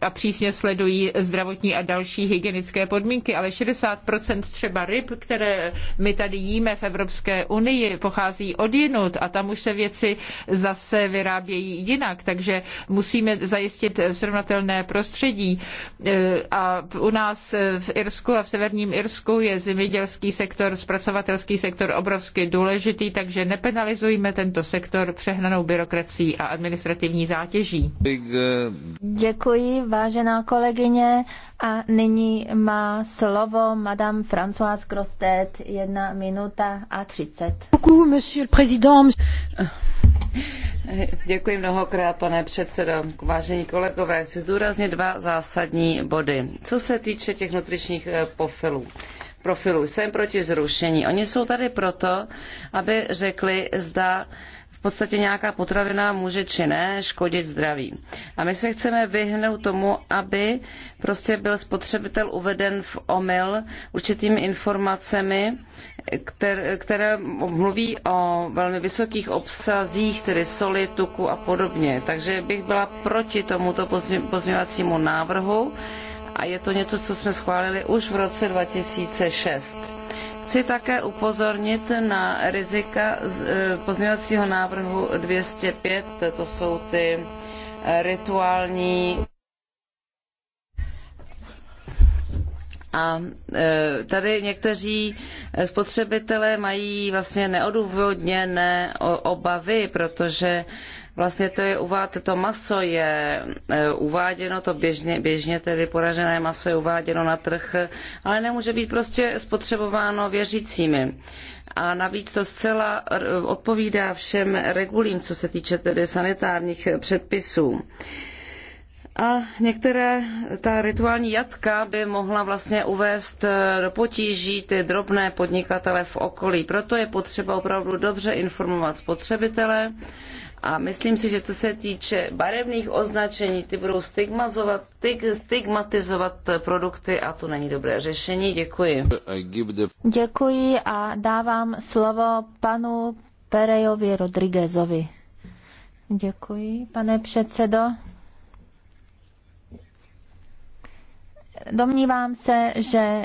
a přísně sledují zdravotní a další hygienické podmínky, ale 60% třeba ryb, které my tady jíme v Evropské unii, pochází od jinut a tam už se věci zase vyrábějí jinak, takže musíme zajistit srovnatelné prostředí. E, a u nás v Irsku a v severním Irsku je zemědělský sektor, zpracovatelský sektor obrovsky důležitý, takže nepenalizujme tento sektor přehnanou byrokracií a administrativní zátěží. Děkuji vážená kolegyně. A nyní má slovo Madame Françoise Grostet, jedna minuta a třicet. Děkuji, monsieur le président. Děkuji mnohokrát, pane předsedo. Vážení kolegové, chci zdůraznit dva zásadní body. Co se týče těch nutričních eh, profilů, profilů, jsem proti zrušení. Oni jsou tady proto, aby řekli, zda podstatě nějaká potravina může či ne škodit zdraví. A my se chceme vyhnout tomu, aby prostě byl spotřebitel uveden v omyl určitými informacemi, které, mluví o velmi vysokých obsazích, tedy soli, tuku a podobně. Takže bych byla proti tomuto pozměňovacímu návrhu a je to něco, co jsme schválili už v roce 2006 Chci také upozornit na rizika z e, pozměňovacího návrhu 205, to jsou ty e, rituální A e, tady někteří spotřebitelé mají vlastně neodůvodněné obavy, protože Vlastně to je to maso je e, uváděno, to běžně, běžně tedy poražené maso je uváděno na trh, ale nemůže být prostě spotřebováno věřícími. A navíc to zcela odpovídá všem regulím, co se týče tedy sanitárních předpisů. A některé ta rituální jatka by mohla vlastně uvést e, do potíží ty drobné podnikatele v okolí. Proto je potřeba opravdu dobře informovat spotřebitele a myslím si, že co se týče barevných označení, ty budou stigmazovat, stigmatizovat produkty a to není dobré řešení. Děkuji. Děkuji a dávám slovo panu Perejovi Rodriguezovi. Děkuji, pane předsedo. Domnívám se, že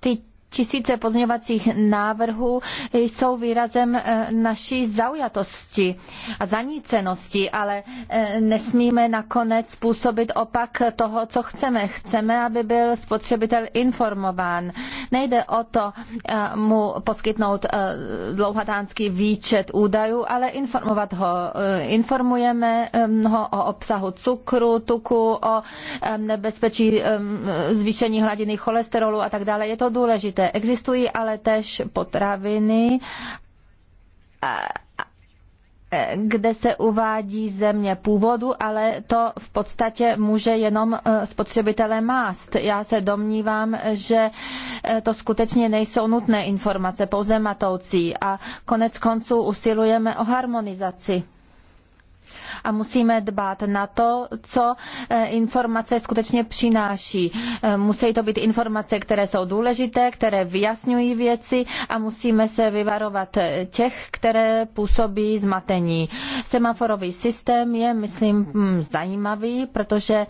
ty tisíce pozměňovacích návrhů jsou výrazem eh, naší zaujatosti a zanícenosti, ale eh, nesmíme nakonec způsobit opak toho, co chceme. Chceme, aby byl spotřebitel informován. Nejde o to eh, mu poskytnout dlouhatánský výčet údajů, ale informovat ho. Informujeme ho o obsahu cukru, tuku, o nebezpečí zvýšení hladiny cholesterolu a tak dále. Je to důležité zde existují, ale též potraviny kde se uvádí země původu, ale to v podstatě může jenom e, spotřebitele mást. Já se domnívám, že e, to skutečně nejsou nutné informace, pouze matoucí a konec konců usilujeme o harmonizaci. A musíme dbát na to, co e, informace skutečně přináší. E, musí to být informace, které jsou důležité, které vyjasňují věci a musíme se vyvarovat těch, které působí zmatení. Semaforový systém je, myslím, hmm, zajímavý, protože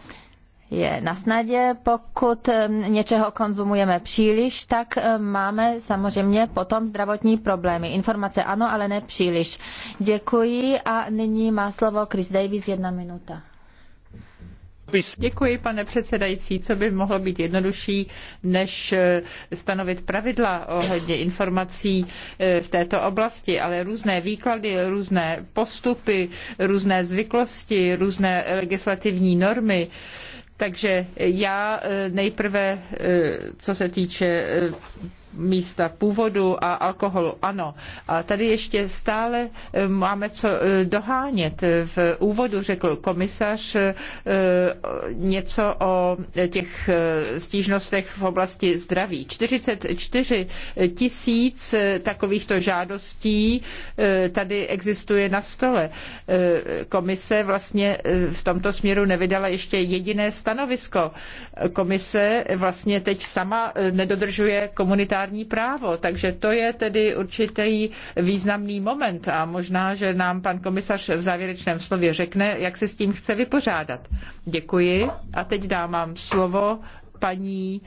je na snadě. Pokud um, něčeho konzumujeme příliš, tak um, máme samozřejmě potom zdravotní problémy. Informace ano, ale ne příliš. Děkuji a nyní má slovo Chris Davis, jedna minuta. Děkuji, pane předsedající. Co by mohlo být jednodušší, než eh, stanovit pravidla ohledně informací eh, v této oblasti, ale různé výklady, různé postupy, různé zvyklosti, různé legislativní normy. Takže já eh, nejprve, eh, co se týče eh, místa původu a alkoholu, ano. A tady ještě stále e, máme co e, dohánět. V úvodu řekl komisař e, něco o těch stížnostech v oblasti zdraví. 44 tisíc takovýchto žádostí tady existuje na stole. Komise vlastně v tomto směru nevydala ještě jediné stanovisko. Komise vlastně teď sama nedodržuje komunitární humanitární právo. Takže to je tedy určitý významný moment a možná, že nám pan komisař v závěrečném slově řekne, jak se s tím chce vypořádat. Děkuji a teď dávám slovo paní eh,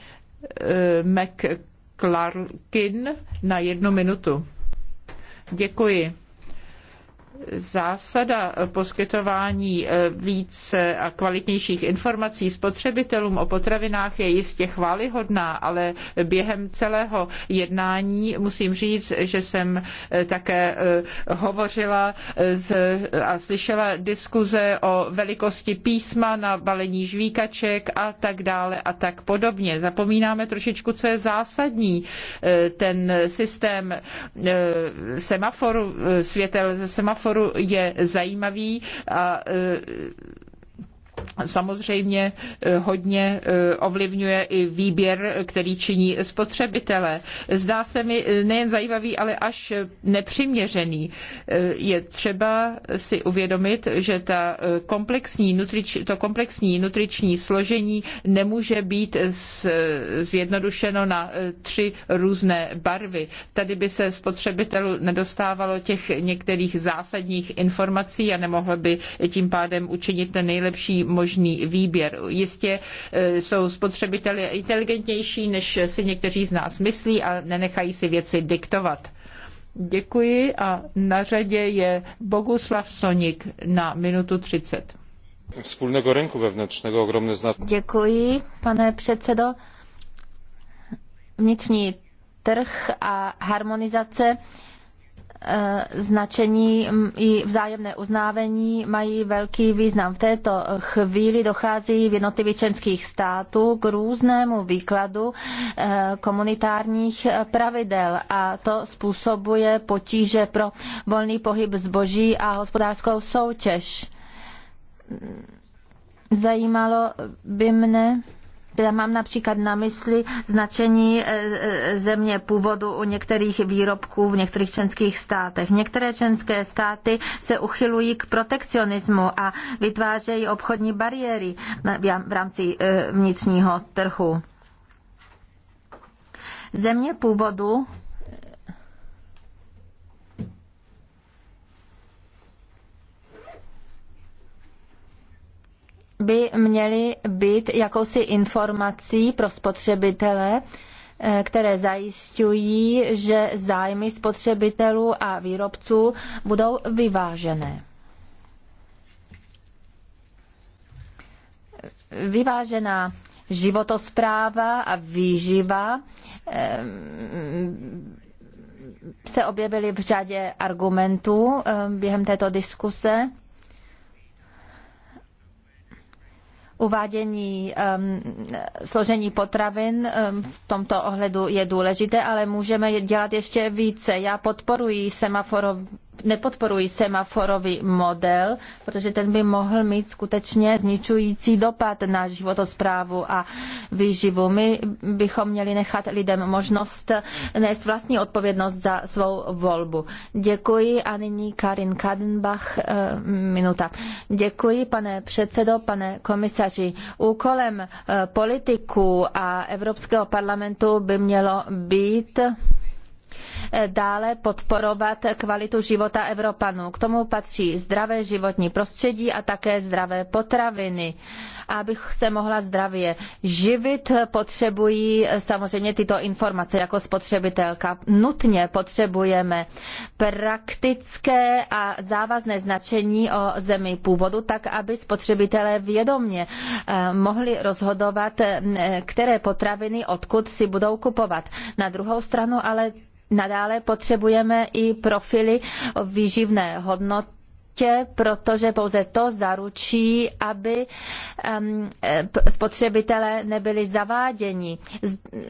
McClarkin na jednu minutu. Děkuji zásada poskytování eh, více a kvalitnějších informací spotřebitelům o potravinách je jistě chválihodná, ale během celého jednání musím říct, že jsem eh, také eh, hovořila a slyšela diskuze o velikosti písma na balení žvíkaček a tak dále a tak podobně. Zapomínáme trošičku, co je zásadní. Ten systém semaforu, světel ze semaforu sektoru je zajímavý a e, samozřejmě eh, hodně eh, ovlivňuje i výběr, který činí spotřebitelé. Zdá se mi eh, nejen zajímavý, ale až nepřiměřený. Je třeba si uvědomit, že ta komplexní nutrič, to komplexní nutriční složení nemůže být zjednodušeno na tři různé barvy. Tady by se spotřebitelů nedostávalo těch některých zásadních informací a nemohlo by tím pádem učinit ten nejlepší možný výběr. Jistě eh, jsou spotřebitelé inteligentnější, než si někteří z nás myslí a nenechají si věci diktovat. Děkuji a na řadě je Boguslav Sonik na minutu 30. Wspólnego rynku wewnętrznego ogromny znat. Děkuji, pane předsedo. Vnitřní trh a harmonizace Eh, značení i vzájemné uznávání mají velký význam. V této chvíli dochází v jednotlivých členských států k různému výkladu eh, komunitárních pravidel a to způsobuje potíže pro volný pohyb zboží a hospodářskou soutěž. Zajímalo by mne, já mám například na mysli značení e, e, země původu u některých výrobků v některých členských státech. Některé členské státy se uchylují k protekcionismu a vytvářejí obchodní bariéry v rámci e, vnitřního trhu. Země původu by měly být jakousi informací pro spotřebitele, eh, které zajišťují, že zájmy spotřebitelů a výrobců budou vyvážené. Vyvážená životospráva a výživa eh, se objevily v řadě argumentů eh, během této diskuse. uvádění um, složení potravin um, v tomto ohledu je důležité, ale můžeme dělat ještě více. Já podporuji semaforov nepodporuji semaforový model, protože ten by mohl mít skutečně zničující dopad na životosprávu a výživu. My bychom měli nechat lidem možnost nést vlastní odpovědnost za svou volbu. Děkuji a nyní Karin Kadenbach, eh, minuta. Děkuji, pane předsedo, pane komisaři. Úkolem eh, politiků a Evropského parlamentu by mělo být dále podporovat kvalitu života Evropanů. K tomu patří zdravé životní prostředí a také zdravé potraviny. Abych se mohla zdravě živit, potřebují samozřejmě tyto informace jako spotřebitelka. Nutně potřebujeme praktické a závazné značení o zemi původu, tak aby spotřebitelé vědomě eh, mohli rozhodovat, eh, které potraviny odkud si budou kupovat. Na druhou stranu ale nadále potřebujeme i profily výživné hodnoty protože pouze to zaručí, aby spotřebitelé nebyli zaváděni,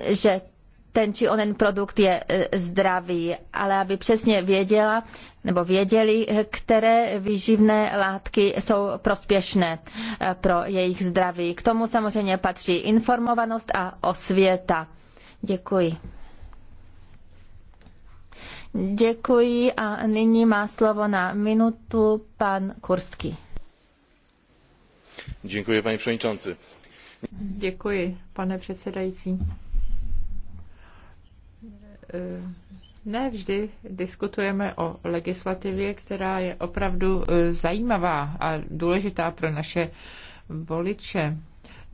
že ten či onen produkt je e, zdravý, ale aby přesně věděla nebo věděli, které výživné látky jsou prospěšné e, pro jejich zdraví. K tomu samozřejmě patří informovanost a osvěta. Děkuji. Děkuji a nyní má slovo na minutu pan Kurský. Děkuji, paní předsedající. Děkuji, pane předsedající. Ne vždy diskutujeme o legislativě, která je opravdu e, zajímavá a důležitá pro naše voliče.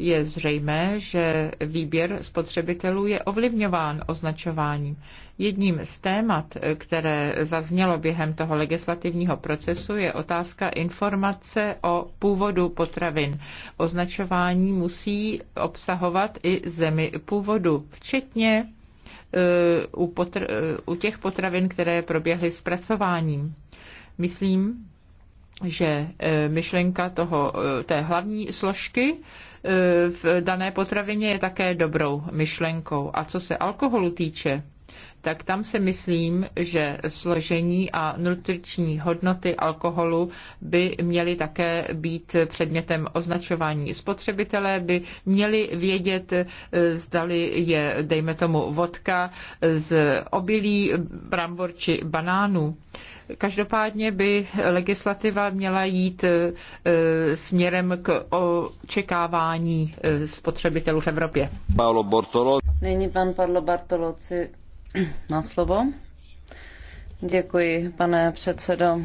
Je zřejmé, že výběr spotřebitelů je ovlivňován označováním. Jedním z témat, které zaznělo během toho legislativního procesu, je otázka informace o původu potravin. Označování musí obsahovat i zemi původu, včetně eh, u, potr- eh, u těch potravin, které proběhly zpracováním. Myslím, že eh, myšlenka toho, té hlavní složky E, v dané potravině je také dobrou myšlenkou. A co se alkoholu týče, tak tam si myslím, že složení a nutriční hodnoty alkoholu by měly také být předmětem označování. Spotřebitelé by měli vědět, e, zdali je, dejme tomu, vodka z obilí, brambor či banánů. Každopádně by legislativa měla jít eh, eh, směrem k očekávání eh, spotřebitelů v Evropě. Paolo Bortolo. Nyní pan Paolo Bartoloci na slovo. Děkuji, pane předsedo.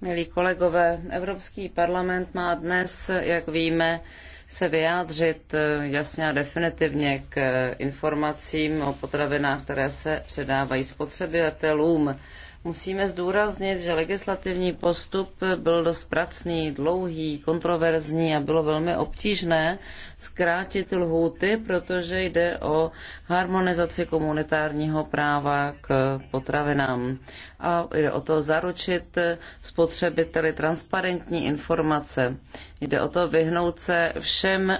Milí kolegové, Evropský parlament má dnes, jak víme, se vyjádřit jasně a definitivně k informacím o potravinách, které se předávají spotřebitelům. Musíme zdůraznit, že legislativní postup byl dost pracný, dlouhý, kontroverzní a bylo velmi obtížné zkrátit lhůty, protože jde o harmonizaci komunitárního práva k potravinám. A jde o to zaručit spotřebiteli transparentní informace. Jde o to vyhnout se všem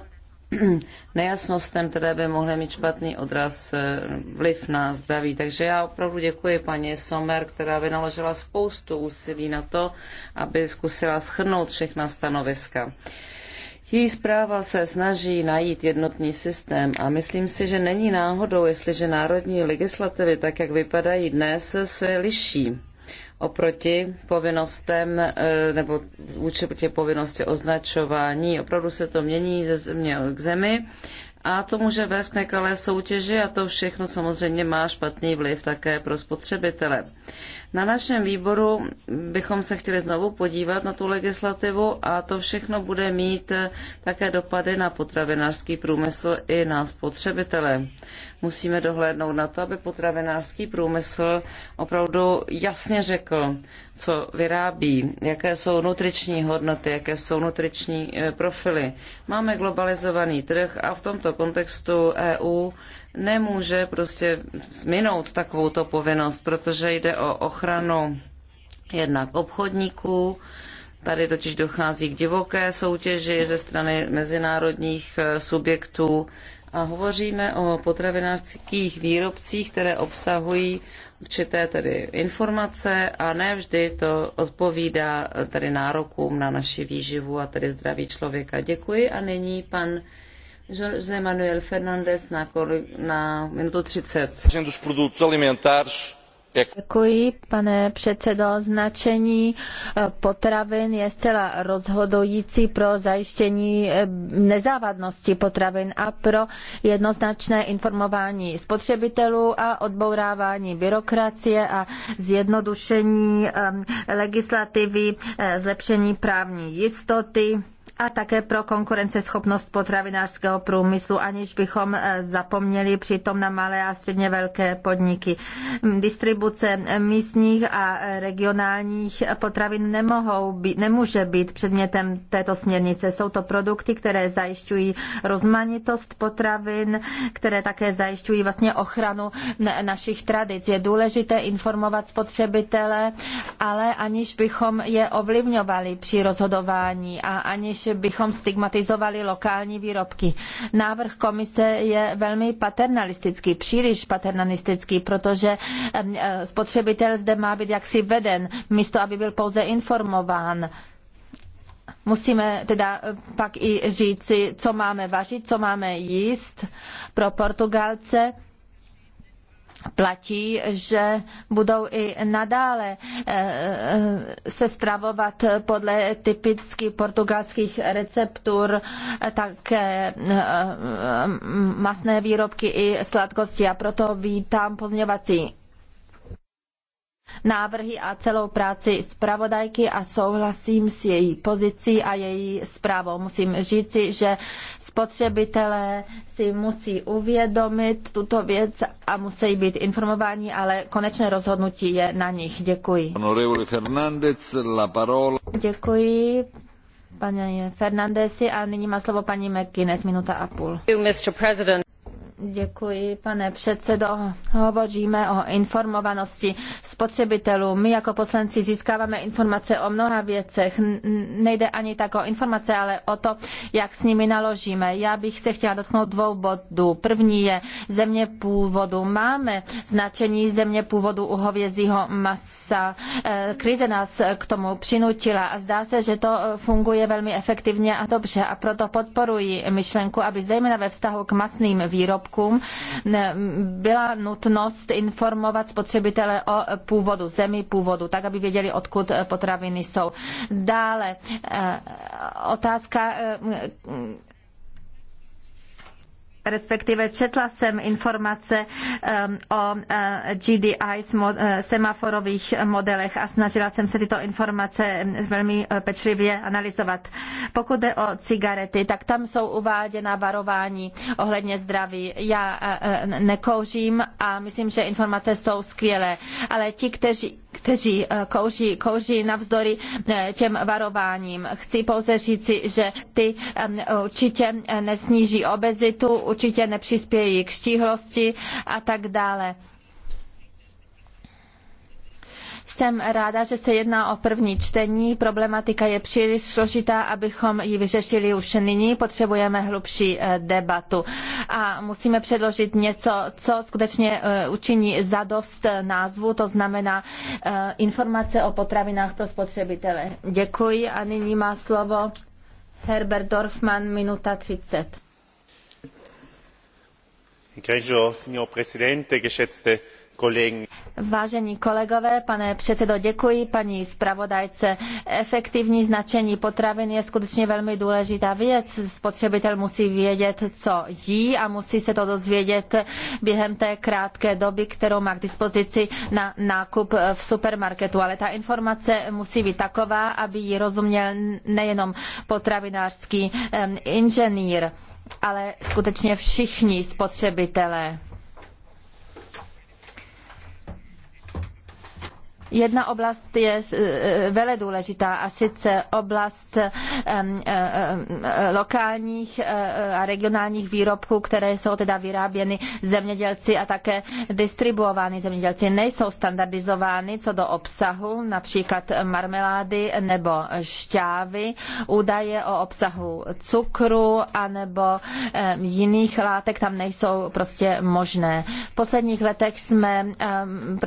nejasnostem, které by mohly mít špatný odraz, eh, vliv na zdraví. Takže já opravdu děkuji paní Somer, která vynaložila spoustu úsilí na to, aby zkusila schrnout všechna stanoviska. Její zpráva se snaží najít jednotný systém a myslím si, že není náhodou, jestliže národní legislativy, tak jak vypadají dnes, se liší oproti povinnostem eh, nebo vůči povinnosti označování. Opravdu se to mění ze země k zemi a to může vést k nekalé soutěži a to všechno samozřejmě má špatný vliv také pro spotřebitele. Na našem výboru bychom se chtěli znovu podívat na tu legislativu a to všechno bude mít také dopady na potravinářský průmysl i na spotřebitele musíme dohlédnout na to, aby potravinářský průmysl opravdu jasně řekl, co vyrábí, jaké jsou nutriční hodnoty, jaké jsou nutriční e, profily. Máme globalizovaný trh a v tomto kontextu EU nemůže prostě minout takovouto povinnost, protože jde o ochranu jednak obchodníků, Tady totiž dochází k divoké soutěži ze strany mezinárodních e, subjektů a hovoříme o potravinářských výrobcích, které obsahují určité tedy informace a ne vždy to odpovídá tedy nárokům na naši výživu a tedy zdraví člověka. Děkuji a nyní pan José Manuel Fernández na, na minutu 30. Děkuji, pane předsedo. Značení eh, potravin je zcela rozhodující pro zajištění eh, nezávadnosti potravin a pro jednoznačné informování spotřebitelů a odbourávání byrokracie a zjednodušení eh, legislativy, zlepšení právní jistoty a také pro konkurenceschopnost potravinářského průmyslu, aniž bychom eh, zapomněli přitom na malé a středně velké podniky. Distribuce místních a eh, regionálních potravin nemohou být, nemůže být předmětem této směrnice. Jsou to produkty, které zajišťují rozmanitost potravin, které také zajišťují vlastně ochranu našich tradic. Je důležité informovat spotřebitele, ale aniž bychom je ovlivňovali při rozhodování a aniž že bychom stigmatizovali lokální výrobky. Návrh komise je velmi paternalistický, příliš paternalistický, protože e, spotřebitel zde má být jaksi veden, místo aby byl pouze informován musíme teda e, pak i říci, co máme vařit, co máme jíst pro Portugalce platí, že budou i nadále eh, eh, se stravovat podle typicky portugalských receptur také eh, masné výrobky i sladkosti a proto vítám pozměňovací návrhy a celou práci zpravodajky a souhlasím s její pozicí a její zprávou. Musím říci, že spotřebitelé si musí uvědomit tuto věc a musí být informováni, ale konečné rozhodnutí je na nich. Děkuji. Děkuji paní Fernandesi a nyní má slovo paní McGuinness, minuta a půl. Děkuji, pane předsedo. Hovoříme o informovanosti spotřebitelů. My jako poslanci získáváme informace o mnoha věcech. Nejde ani tak o informace, ale o to, jak s nimi naložíme. Já bych se chtěla dotknout dvou bodů. První je země původu. Máme značení země původu u hovězího masa. E, krize nás k tomu přinutila a zdá se, že to funguje velmi efektivně a dobře a proto podporuji myšlenku, aby zejména ve vztahu k masným výrobkům výrobkům byla nutnost informovat spotřebitele o původu, zemi původu, tak, aby věděli, odkud eh, potraviny jsou. Dále eh, otázka eh, respektive četla jsem informace um, o eh, GDI eh, semaforových modelech a snažila jsem se tyto informace hm, velmi eh, pečlivě analyzovat. Pokud jde o cigarety, tak tam jsou uváděna varování ohledně zdraví. Já nekouřím a myslím, že informace jsou skvělé, ale ti, kteří kteří eh, kouří, kouří navzdory eh, těm varováním. Chci pouze říci, že ty určitě eh, nesníží obezitu, určitě nepřispějí k štíhlosti a tak dále. Jsem ráda, že se jedná o první čtení. Problematika je příliš složitá, abychom ji vyřešili už nyní. Potřebujeme hlubší eh, debatu. A musíme předložit něco, co skutečně eh, učiní zadost eh, názvu, to znamená informace o potravinách pro spotřebitele. Děkuji a nyní má slovo Herbert Dorfman, minuta 30. Egregio, signor Presidente, geschätzte Kollegen. Vážení kolegové, pane předsedo, děkuji paní zpravodajce. Efektivní značení potravin je skutečně velmi důležitá věc. Spotřebitel musí vědět, co jí a musí se to dozvědět během té krátké doby, kterou má k dispozici na nákup v supermarketu. Ale ta informace musí být taková, aby ji rozuměl nejenom potravinářský inženýr, ale skutečně všichni spotřebitelé. Jedna oblast je eh, eh, vele důležitá a sice oblast eh, lokálních a regionálních výrobků, které jsou teda vyráběny zemědělci a také distribuovány zemědělci. Nejsou standardizovány co do obsahu, například marmelády nebo šťávy, údaje o obsahu cukru anebo jiných látek tam nejsou prostě možné. V posledních letech jsme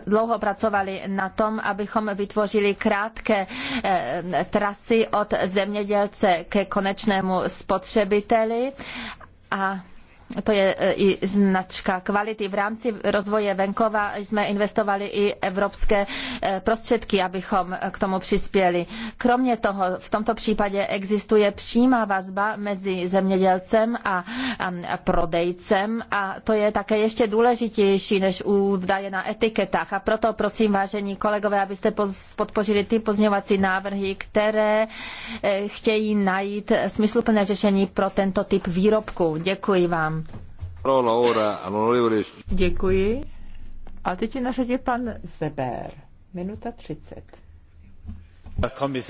dlouho pracovali na tom, tom, abychom vytvořili krátké eh, trasy od zemědělce ke konečnému spotřebiteli a to je e, i značka kvality. V rámci rozvoje venkova jsme investovali i evropské e, prostředky, abychom k tomu přispěli. Kromě toho v tomto případě existuje přímá vazba mezi zemědělcem a prodejcem a to je také ještě důležitější než údaje na etiketách. A proto prosím, vážení kolegové, abyste podpořili ty pozměňovací návrhy, které e, chtějí najít smysluplné řešení pro tento typ výrobku. Děkuji vám. Děkuji. A teď je na řadě pan Zeber. Minuta třicet.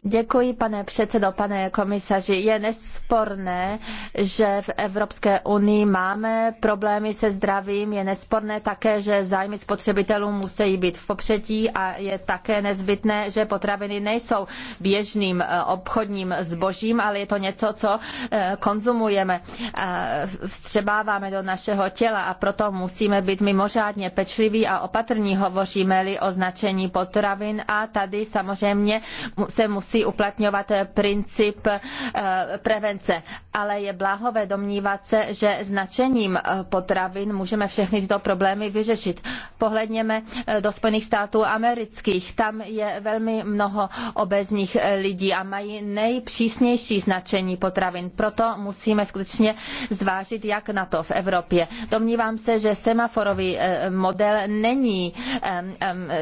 Děkuji, pane předsedo, pane komisaři. Je nesporné, že v Evropské unii máme problémy se zdravím. Je nesporné také, že zájmy spotřebitelů musí být v popředí a je také nezbytné, že potraviny nejsou běžným eh, obchodním zbožím, ale je to něco, co eh, konzumujeme, eh, vstřebáváme do našeho těla a proto musíme být mimořádně pečliví a opatrní, hovoříme-li o značení potravin a tady samozřejmě se musí uplatňovat eh, princip eh, prevence, ale je bláhové domnívat se, že značením eh, potravin můžeme všechny tyto problémy vyřešit. Pohledněme do Spojených států amerických. Tam je velmi mnoho obezních lidí a mají nejpřísnější značení potravin. Proto musíme skutečně zvážit, jak na to v Evropě. Domnívám se, že semaforový model není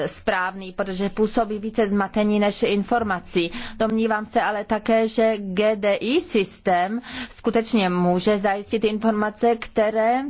správný, protože působí více zmatení než informace informací. Domnívám se ale také, že GDI systém skutečně může zajistit informace, které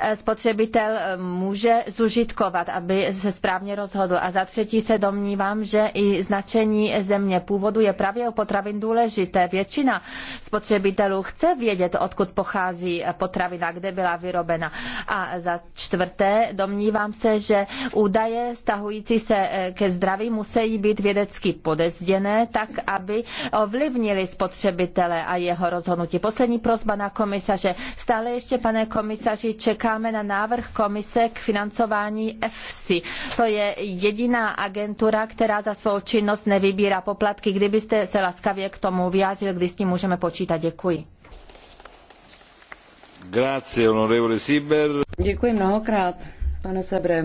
Eh, spotřebitel eh, může zužitkovat, aby se správně rozhodl. A za třetí se domnívám, že i značení země původu je právě u potravin důležité. Většina spotřebitelů chce vědět, odkud pochází potravina, kde byla vyrobena. A za čtvrté domnívám se, že údaje stahující se eh, ke zdraví musí být vědecky podezděné, tak aby ovlivnili spotřebitele a jeho rozhodnutí. Poslední prosba na komisaře. Stále ještě, pane komisaři, čeká čekáme na návrh komise k financování EFSI. To je jediná agentura, která za svou činnost nevybírá poplatky. Kdybyste se laskavě k tomu vyjádřil, kdy s tím můžeme počítat. Děkuji. Grazie, onorevole Sieber. Děkuji mnohokrát, pane Sebre.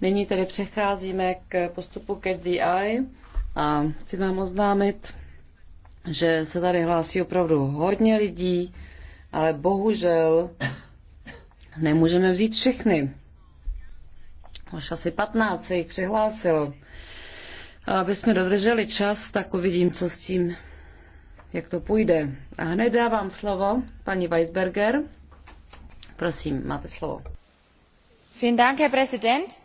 Nyní tedy přecházíme k postupu KDI DI a chci vám oznámit, že se tady hlásí opravdu hodně lidí, ale bohužel nemůžeme vzít všechny. Už asi 15 se jich přihlásilo. A aby jsme dodrželi čas, tak uvidím, co s tím, jak to půjde. A hned dávám slovo paní Weisberger. Prosím, máte slovo. Vielen Dank, Herr Präsident.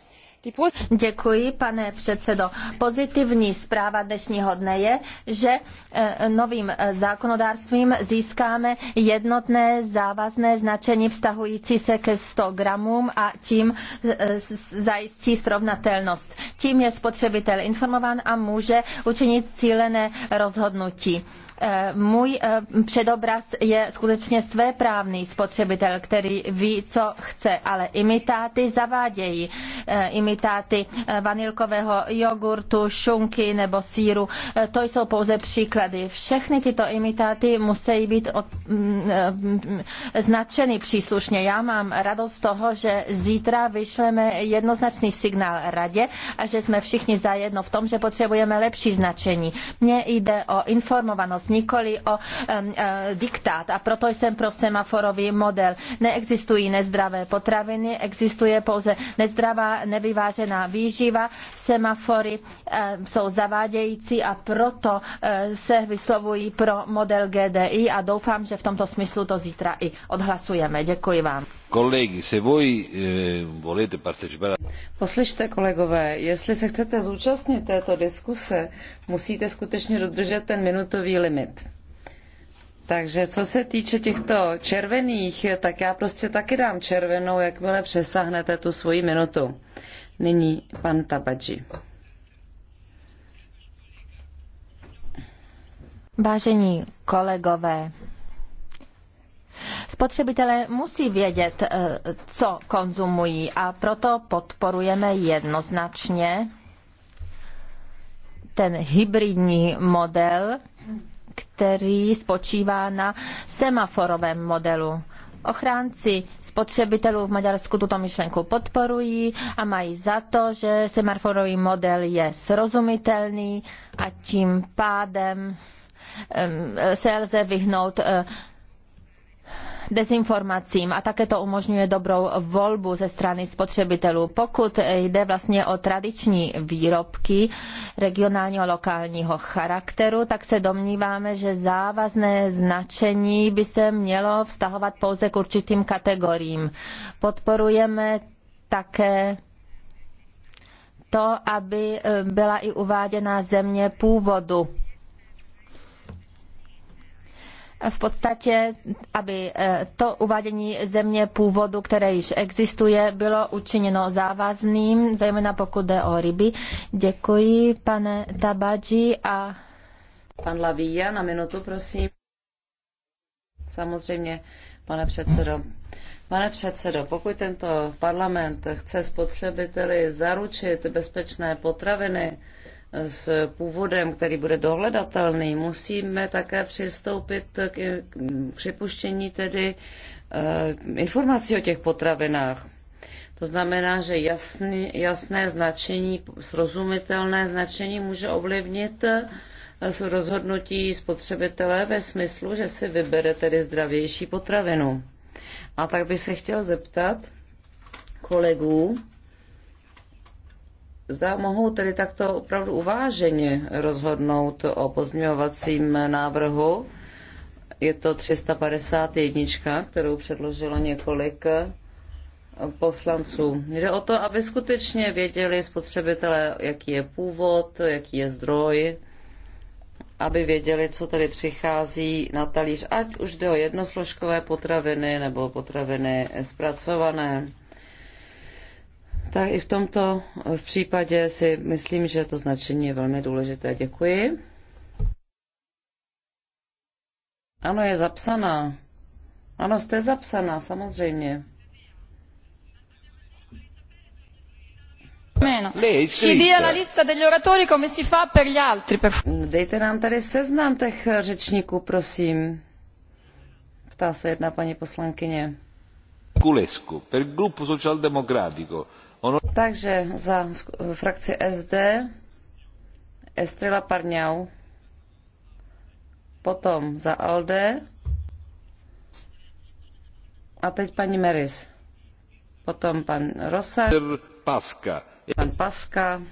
Děkuji, pane předsedo. Pozitivní zpráva dnešního dne je, že e, novým e, zákonodárstvím získáme jednotné závazné značení vztahující se ke 100 gramům a tím e, zajistí srovnatelnost. Tím je spotřebitel informován a může učinit cílené rozhodnutí Eh, můj eh, předobraz je skutečně svéprávný spotřebitel, který ví, co chce, ale imitáty zavádějí. Eh, imitáty vanilkového jogurtu, šunky nebo síru, to jsou pouze příklady. Všechny tyto imitáty musí být od, mm, značeny příslušně. Já mám radost z toho, že zítra vyšleme jednoznačný signál radě a že jsme všichni zajedno v tom, že potřebujeme lepší značení. Mně jde o informovanost nikoli o um, diktát. A proto jsem pro semaforový model. Neexistují nezdravé potraviny, existuje pouze nezdravá, nevyvážená výživa. Semafory um, jsou zavádějící a proto uh, se vyslovují pro model GDI a doufám, že v tomto smyslu to zítra i odhlasujeme. Děkuji vám. Kolegy, se voi, volete Poslyšte, kolegové, jestli se chcete zúčastnit této diskuse, musíte skutečně dodržet ten minutový limit limit. Takže co se týče těchto červených, tak já prostě taky dám červenou, jakmile přesáhnete tu svoji minutu. Nyní pan Tabadži. Vážení kolegové, Spotřebitelé musí vědět, eh, co konzumují a proto podporujeme jednoznačně ten hybridní model, který spočívá na semaforovém modelu. Ochránci spotřebitelů v Maďarsku tuto myšlenku podporují a mají za to, že semaforový model je srozumitelný a tím pádem se lze vyhnout eh, dezinformacím a také to umožňuje dobrou volbu ze strany spotřebitelů. Pokud jde vlastně o tradiční výrobky regionálního lokálního charakteru, tak se domníváme, že závazné značení by se mělo vztahovat pouze k určitým kategoriím. Podporujeme také to, aby eh, byla i uváděna země původu v podstatě, aby eh, to uvádění země původu, které již existuje, bylo učiněno závazným, zejména pokud jde o ryby. Děkuji, pane Tabadži a... Pan Lavíja, na minutu, prosím. Samozřejmě, pane předsedo. Pane předsedo, pokud tento parlament chce spotřebiteli zaručit bezpečné potraviny, s původem, který bude dohledatelný, musíme také přistoupit k připuštění tedy eh, informací o těch potravinách. To znamená, že jasný, jasné značení, srozumitelné značení může ovlivnit eh, rozhodnutí spotřebitele ve smyslu, že si vybere tedy zdravější potravinu. A tak bych se chtěl zeptat kolegů, Zda mohou tedy takto opravdu uváženě rozhodnout o pozměňovacím návrhu. Je to 351, kterou předložilo několik poslanců. Jde o to, aby skutečně věděli spotřebitelé, jaký je původ, jaký je zdroj, aby věděli, co tady přichází na talíř, ať už jde o jednosložkové potraviny nebo potraviny zpracované tak i v tomto v případě si myslím, že to značení je velmi důležité. Děkuji. Ano, je zapsaná. Ano, jste zapsaná, samozřejmě. Dejte nám tady seznam těch řečníků, prosím. Ptá se jedna paní poslankyně. Culescu, per gruppo socialdemocratico, Ono... Takže za frakci SD Estrela Parňau, potom za ALDE a teď paní Meris, potom pan Rosa, Paska. pan Paska,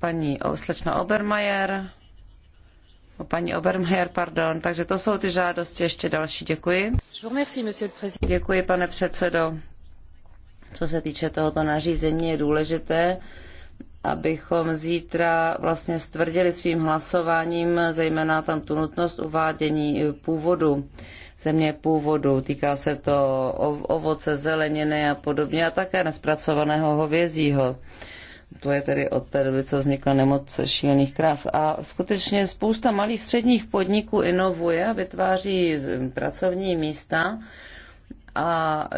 paní slečna Obermajer, paní Obermajer, pardon. Takže to jsou ty žádosti, ještě další. Děkuji. Děkuji, pane předsedo. Co se týče tohoto nařízení, je důležité, abychom zítra vlastně stvrdili svým hlasováním zejména tam tu nutnost uvádění původu země původu. Týká se to ovoce, zeleniny a podobně a také nespracovaného hovězího. To je tedy od té doby, co vznikla nemoc šílených krav. A skutečně spousta malých středních podniků inovuje a vytváří pracovní místa a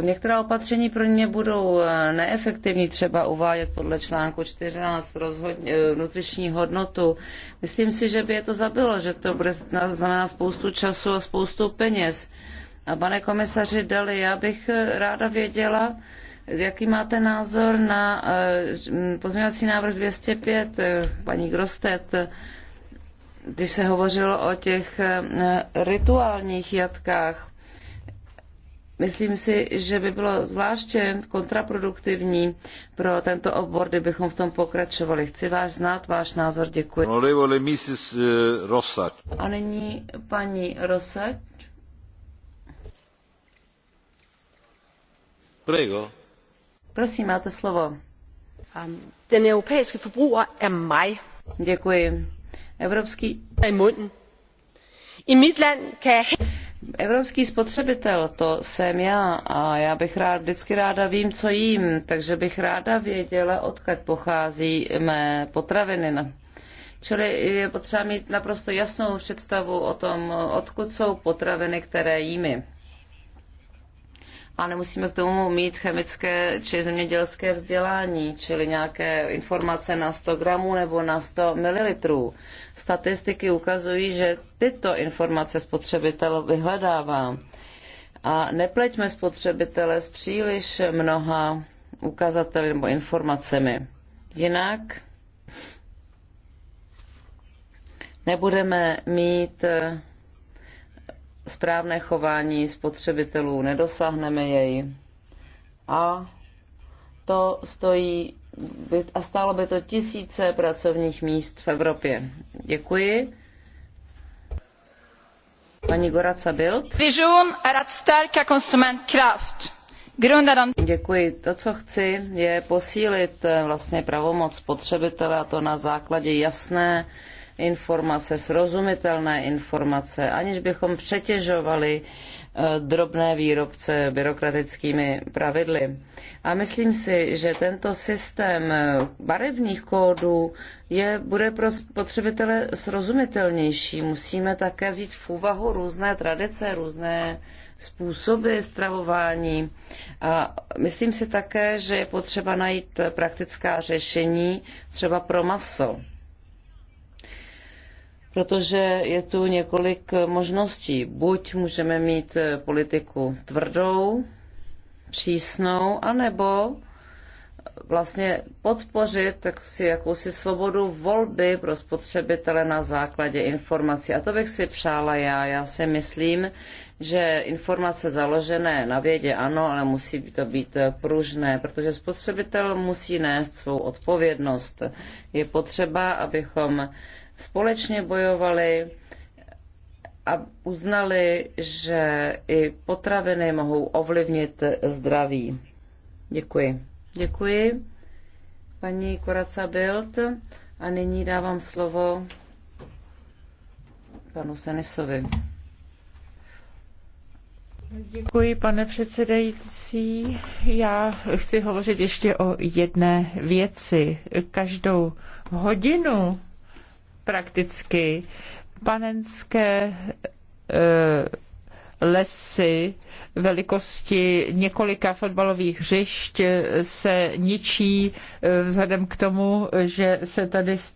některá opatření pro ně budou eh, neefektivní, třeba uvádět podle článku 14 rozhodně, eh, nutriční hodnotu. Myslím si, že by je to zabilo, že to bude znamenat spoustu času a spoustu peněz. A pane komisaři Dali, já bych eh, ráda věděla, jaký máte názor na pozměňovací návrh 205, paní Grostet, když se hovořilo o těch rituálních jatkách Myslím si, že by bylo zvláště kontraproduktivní pro tento obor, kdybychom v tom pokračovali. Chci vás znát, váš názor, děkuji. Honorable Mrs. Eh, A nyní paní Rosat. Prego. Prosím, máte slovo. Um, den europæiske forbruger er mig. Děkuji. Evropský... Er I munden. I mit land kan Evropský spotřebitel, to jsem já a já bych rád, vždycky ráda vím, co jím, takže bych ráda věděla, odkud pochází mé potraviny. Čili je potřeba mít naprosto jasnou představu o tom, odkud jsou potraviny, které jíme a nemusíme k tomu mít chemické či zemědělské vzdělání, čili nějaké informace na 100 gramů nebo na 100 ml. Statistiky ukazují, že tyto informace spotřebitel vyhledává. A nepleťme spotřebitele s příliš mnoha ukazateli nebo informacemi. Jinak nebudeme mít eh, správné chování spotřebitelů, nedosáhneme jej. A to stojí a stálo by to tisíce pracovních míst v Evropě. Děkuji. Paní Goraca Bild. Vision är att stärka konsumentkraft. Děkuji. To, co chci, je posílit eh, vlastně pravomoc spotřebitele a to na základě jasné informace, srozumitelné informace, aniž bychom přetěžovali eh, drobné výrobce byrokratickými pravidly. A myslím si, že tento systém eh, barevných kódů je, bude pro spotřebitele srozumitelnější. Musíme také vzít v úvahu různé tradice, různé způsoby stravování. A myslím si také, že je potřeba najít praktická řešení třeba pro maso protože je tu několik možností. Buď můžeme mít eh, politiku tvrdou, přísnou, anebo eh, vlastně podpořit si jakousi svobodu volby pro spotřebitele na základě informací. A to bych si přála já. Já si myslím, že informace založené na vědě ano, ale musí to být eh, pružné, protože spotřebitel musí nést svou odpovědnost. Je potřeba, abychom společně bojovali a uznali, že i potraviny mohou ovlivnit zdraví. Děkuji. Děkuji, paní Koraca Bild. A nyní dávám slovo panu Senisovi. Děkuji, pane předsedající. Já chci hovořit ještě o jedné věci. Každou hodinu prakticky panenské eh, lesy velikosti několika fotbalových hřišť se ničí eh, vzhledem k tomu, že se tady z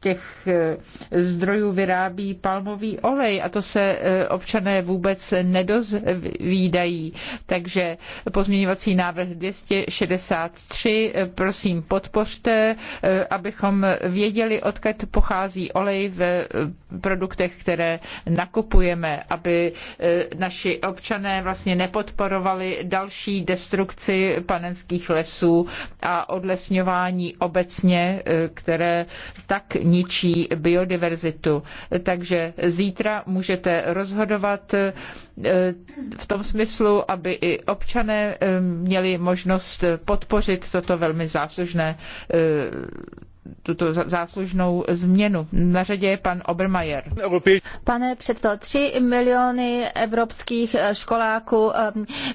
těch eh, zdrojů vyrábí palmový olej a to se eh, občané vůbec nedozvídají. Takže pozměňovací návrh 263 prosím podpořte, abychom věděli, odkud pochází olej v produktech, které nakupujeme, aby naši občané vlastně nepodporovali další destrukci panenských lesů a odlesňování obecně, eh, které tak ničí biodiverzitu. Takže zítra můžete rozhodovat eh, v tom smyslu, aby i občané eh, měli možnost podpořit toto velmi záslužné tuto záslužnou změnu. Na řadě je pan Obermajer. Pane předsedo, 3 miliony evropských eh, školáků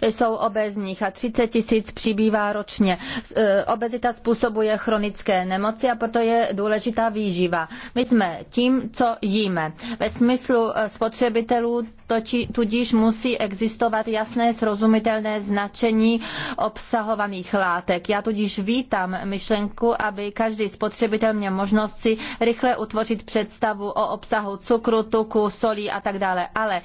eh, jsou obezních a 30 tisíc přibývá ročně. Eh, obezita způsobuje chronické nemoci a proto je důležitá výživa. My jsme tím, co jíme. Ve smyslu spotřebitelů tudíž musí existovat jasné srozumitelné značení obsahovaných látek. Já tudíž vítám myšlenku, aby každý spotřebitel spotřebitel měl možnost si rychle utvořit představu o obsahu cukru, tuku, solí a tak dále. Ale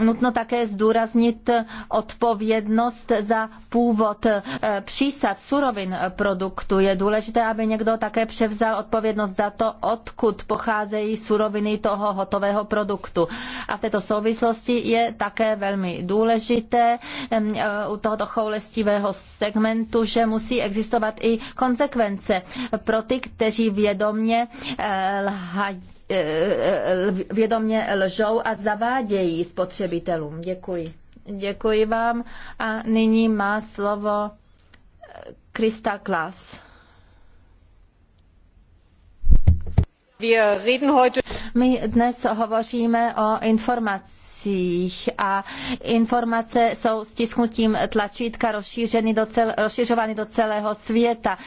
nutno také zdůraznit odpovědnost za původ eh, přísad surovin produktu. Je důležité, aby někdo také převzal odpovědnost za to, odkud pocházejí suroviny toho hotového produktu. A v této souvislosti je také velmi důležité eh, u tohoto choulestivého segmentu, že musí existovat i konsekvence pro ty, kteří vědomě eh, lhají Eh, eh, vědomě lžou a zavádějí spotřebitelům. Děkuji. Děkuji vám a nyní má slovo eh, Krista Klas. My dnes hovoříme o informacích informacích a informace jsou stisknutím tlačítka rozšířeny do cel, rozšiřovány do celého světa.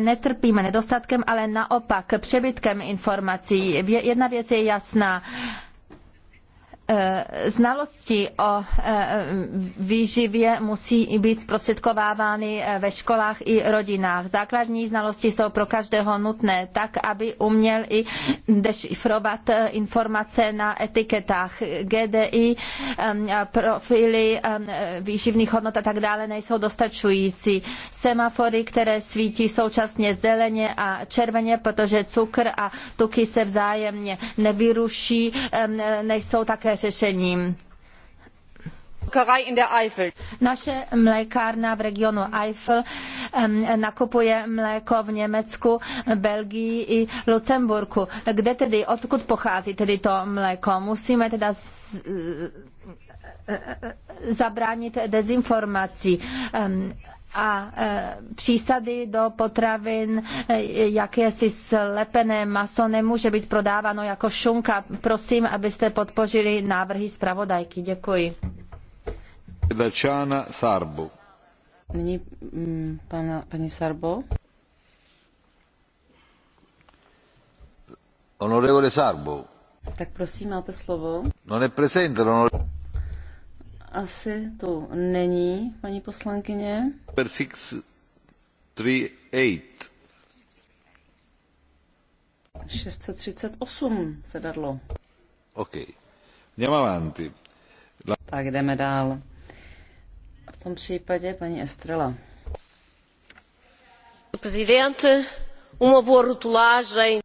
Netrpíme nedostatkem, ale naopak přebytkem informací. Jedna věc je jasná Eh, znalosti o eh, výživě musí být zprostředkovávány eh, ve školách i rodinách. Základní znalosti jsou pro každého nutné, tak aby uměl i dešifrovat informace na etiketách. GDI, profily výživných hodnot a tak dále nejsou dostačující. Semafory, které svítí současně zeleně a červeně, protože cukr a tuky se vzájemně nevyruší, nejsou také řešením. Naše mlékárna v regionu Eifel nakupuje mléko v Německu, Belgii i Lucemburku. Kde tedy, odkud pochází tedy to mléko? Musíme teda e, e, e, zabránit dezinformací a e, přísady do potravin, e, jakési slepené maso nemůže být prodáváno jako šunka. Prosím, abyste podpořili návrhy zpravodajky. Děkuji. Dačana Sarbu. Nyní mm, pana, paní Sarbo. Onorevole Sarbo. Tak prosím, máte slovo. No nepresente, onorevole asi tu není, paní poslankyně. six 638. 638 sedadlo. OK. Andiamo avanti. La... Tak jdeme dál. V tom případě paní Estrela.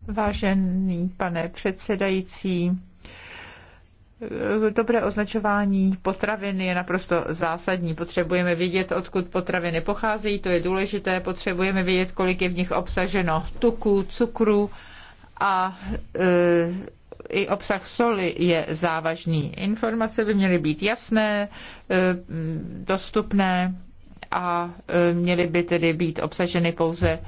Vážený pane předsedající, dobré označování potravin je naprosto zásadní. Potřebujeme vědět, odkud potraviny pocházejí, to je důležité. Potřebujeme vědět, kolik je v nich obsaženo tuku, cukru a e, i obsah soli je závažný. Informace by měly být jasné, e, dostupné a e, měly by tedy být obsaženy pouze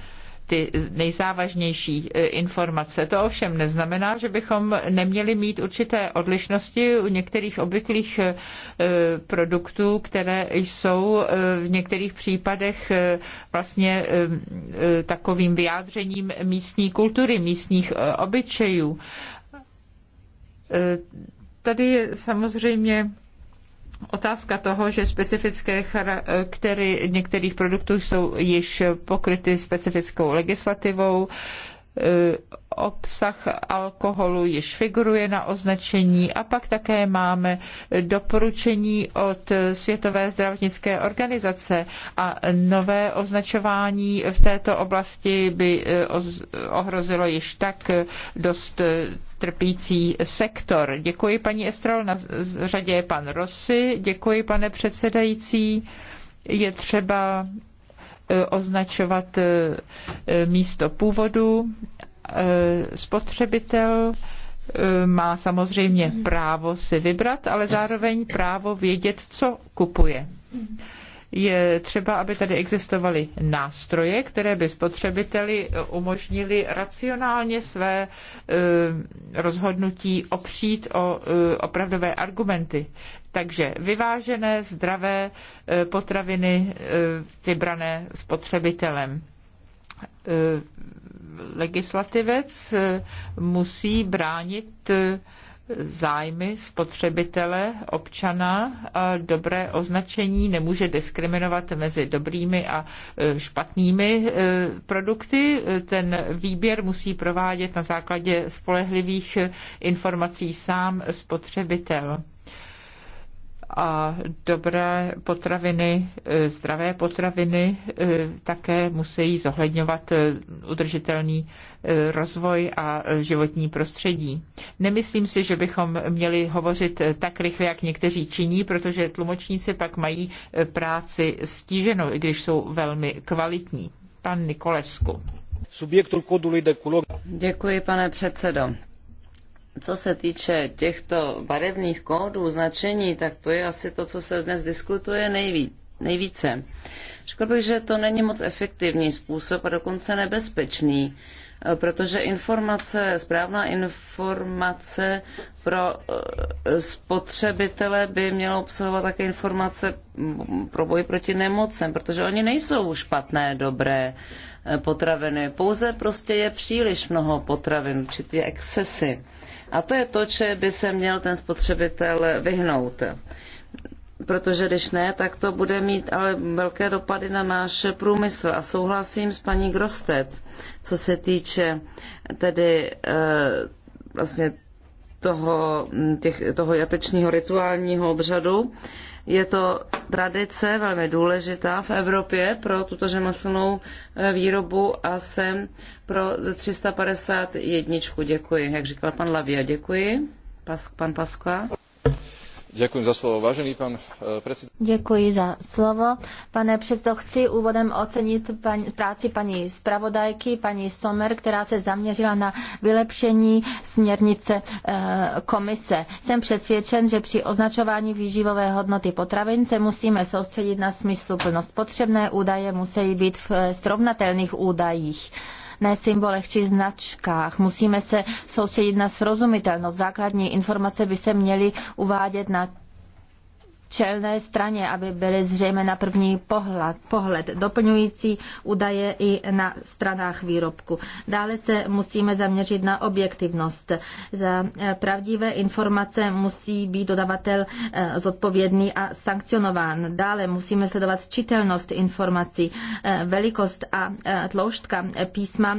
ty nejzávažnější e, informace. To ovšem neznamená, že bychom neměli mít určité odlišnosti u některých obvyklých e, produktů, které jsou e, v některých případech vlastně takovým vyjádřením místní kultury, místních obyčejů. Tady je samozřejmě otázka toho, že specifické charaktery některých produktů jsou již pokryty specifickou legislativou, Eh, obsah alkoholu již figuruje na označení a pak také máme doporučení od Světové zdravotnické organizace a nové označování v této oblasti by eh, ohrozilo již tak dost eh, trpící sektor. Děkuji paní Estrol, na řadě je pan Rossi, děkuji pane předsedající. Je třeba Eh, označovat eh, eh, místo původu. Spotřebitel má samozřejmě právo si vybrat, ale zároveň právo vědět, co kupuje. Je třeba, aby tady existovaly nástroje, které by spotřebiteli umožnili racionálně své e, rozhodnutí opřít o e, opravdové argumenty. Takže vyvážené, zdravé e, potraviny vybrané spotřebitelem legislativec musí bránit zájmy spotřebitele, občana a dobré označení nemůže diskriminovat mezi dobrými a e, špatnými e, produkty. Ten výběr musí provádět na základě spolehlivých e, informací sám spotřebitel a dobré potraviny, e, zdravé potraviny e, také musí zohledňovat e, udržitelný rozvoj a životní prostředí. Nemyslím si, že bychom měli hovořit tak rychle, jak někteří činí, protože tlumočníci pak mají práci stíženou, i když jsou velmi kvalitní. Pan Nikolesku. Subjektul kodului Děkuji, pane předsedo co se týče těchto barevných kódů, značení, tak to je asi to, co se dnes diskutuje nejvíc, nejvíce. Řekl bych, že to není moc efektivní způsob a dokonce nebezpečný, protože informace, správná informace pro eh, spotřebitele by měla obsahovat také informace pro boj proti nemocem, protože oni nejsou špatné, dobré eh, potraviny, pouze prostě je příliš mnoho potravin, určitě excesy. A to je to, če by se měl ten spotřebitel vyhnout. Protože když ne, tak to bude mít ale velké dopady na náš průmysl. A souhlasím s paní Grostet, co se týče tedy eh, vlastně toho, těch, toho jatečního rituálního obřadu. Je to tradice velmi důležitá v Evropě pro tuto řemeslnou eh, výrobu a jsem pro 351. Děkuji. Jak říkal pan Lavia, děkuji. Pas, pan Paskva. Děkuji za slovo, vážený pan eh, předsedající. Děkuji za slovo. Pane předsedo, chci úvodem ocenit paní, práci paní zpravodajky, paní Somer, která se zaměřila na vylepšení směrnice e, komise. Jsem přesvědčen, že při označování výživové hodnoty potravin se musíme soustředit na smysluplnost. Potřebné údaje musí být v eh, srovnatelných údajích ne symbolech či značkách. Musíme se soustředit na srozumitelnost. Základní informace by se měly uvádět na čelné straně, aby byly zřejmé na první pohled, pohled doplňující údaje i na stranách výrobku. Dále se musíme zaměřit na objektivnost. Za eh, pravdivé informace musí být dodavatel eh, zodpovědný a sankcionován. Dále musíme sledovat čitelnost informací. Eh, velikost a tloušťka písma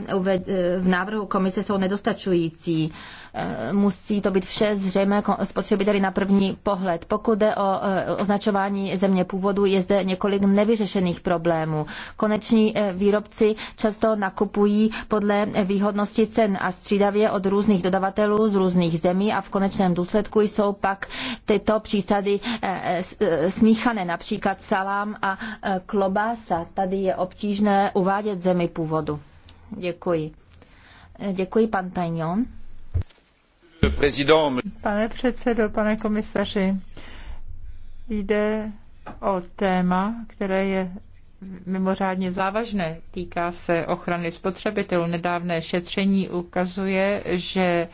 v návrhu komise jsou nedostačující. Eh, musí to být vše zřejmé spotřebiteli na první pohled. Pokud jde o eh, označování země původu, je zde několik nevyřešených problémů. Koneční eh, výrobci často nakupují podle výhodnosti cen a střídavě od různých dodavatelů z různých zemí a v konečném důsledku jsou pak tyto přísady smíchané, například salám a klobása. Tady je obtížné uvádět zemi původu. Děkuji. Děkuji, pan Pagnon. Pane předsedo, pane komisaři, jde o téma, které je mimořádně závažné. Týká se ochrany spotřebitelů. Nedávné šetření ukazuje, že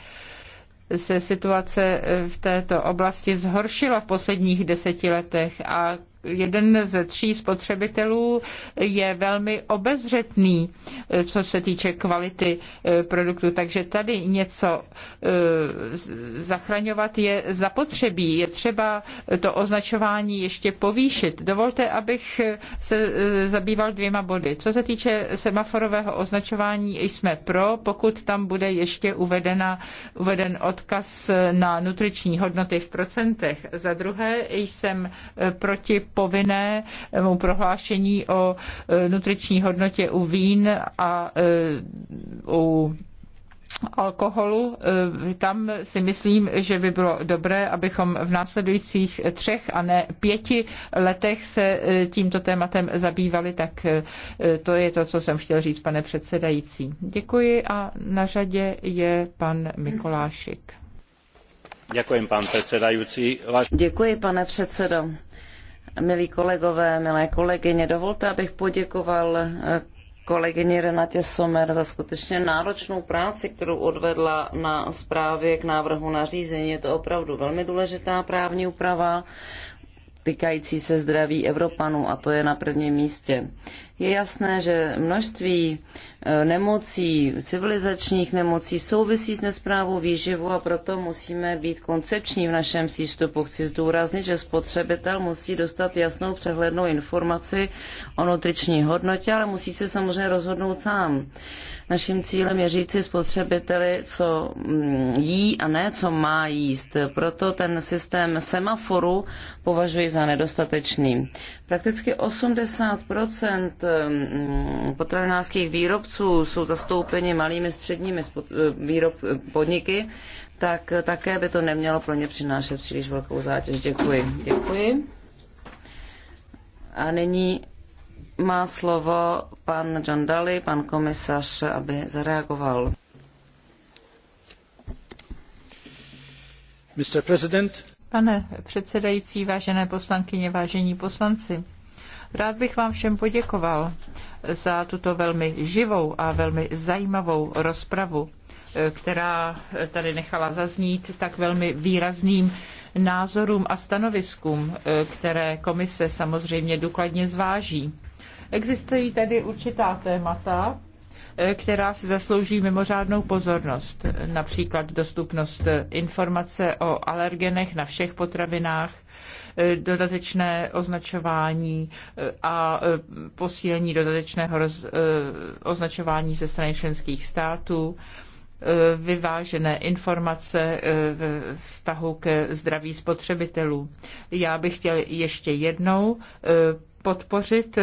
se situace v této oblasti zhoršila v posledních deseti letech a jeden ze tří spotřebitelů je velmi obezřetný, eh, co se týče kvality eh, produktu. Takže tady něco eh, zachraňovat je zapotřebí. Je třeba to označování ještě povýšit. Dovolte, abych se zabýval dvěma body. Co se týče semaforového označování, jsme pro, pokud tam bude ještě uvedena, uveden odkaz na nutriční hodnoty v procentech. Za druhé jsem proti povinnému eh, prohlášení o eh, nutriční hodnotě u vín a eh, u alkoholu. Tam si myslím, že by bylo dobré, abychom v následujících třech a ne pěti letech se tímto tématem zabývali, tak to je to, co jsem chtěl říct, pane předsedající. Děkuji a na řadě je pan Mikolášik. Děkuji, pan předsedající. Děkuji, pane předsedo Milí kolegové, milé kolegyně, dovolte, abych poděkoval eh, kolegyni Renatě Somer za skutečně náročnou práci, kterou odvedla na zprávě k návrhu nařízení. Je to opravdu velmi důležitá právní úprava týkající se zdraví Evropanů a to je na prvním místě. Je jasné, že množství Eh, nemocí, civilizačních nemocí, souvisí s nesprávou výživu a proto musíme být koncepční v našem přístupu. Chci zdůraznit, že spotřebitel musí dostat jasnou přehlednou informaci o nutriční hodnotě, ale musí se samozřejmě rozhodnout sám. Naším cílem je říci spotřebiteli, co mm, jí a ne, co má jíst. Proto ten systém semaforu považuji za nedostatečný. Prakticky 80 mm, potravinářských výrobců výrobců jsou zastoupeni malými středními eh, výrob, eh, podniky, tak eh, také by to nemělo pro ně přinášet příliš velkou zátěž. Děkuji. Děkuji. A nyní má slovo pan John Daly, pan komisař, aby zareagoval. Mr. President. Pane předsedající, vážené poslankyně, vážení poslanci, rád bych vám všem poděkoval za tuto velmi živou a velmi zajímavou rozpravu, eh, která tady nechala zaznít tak velmi výrazným názorům a stanoviskům, eh, které komise samozřejmě důkladně zváží. Existují tady určitá témata, eh, která si zaslouží mimořádnou pozornost, například dostupnost informace o alergenech na všech potravinách, Eh, dodatečné označování eh, a eh, posílení dodatečného označování ze strany členských států vyvážené informace v vztahu ke zdraví spotřebitelů. Já bych chtěl ještě jednou podpořit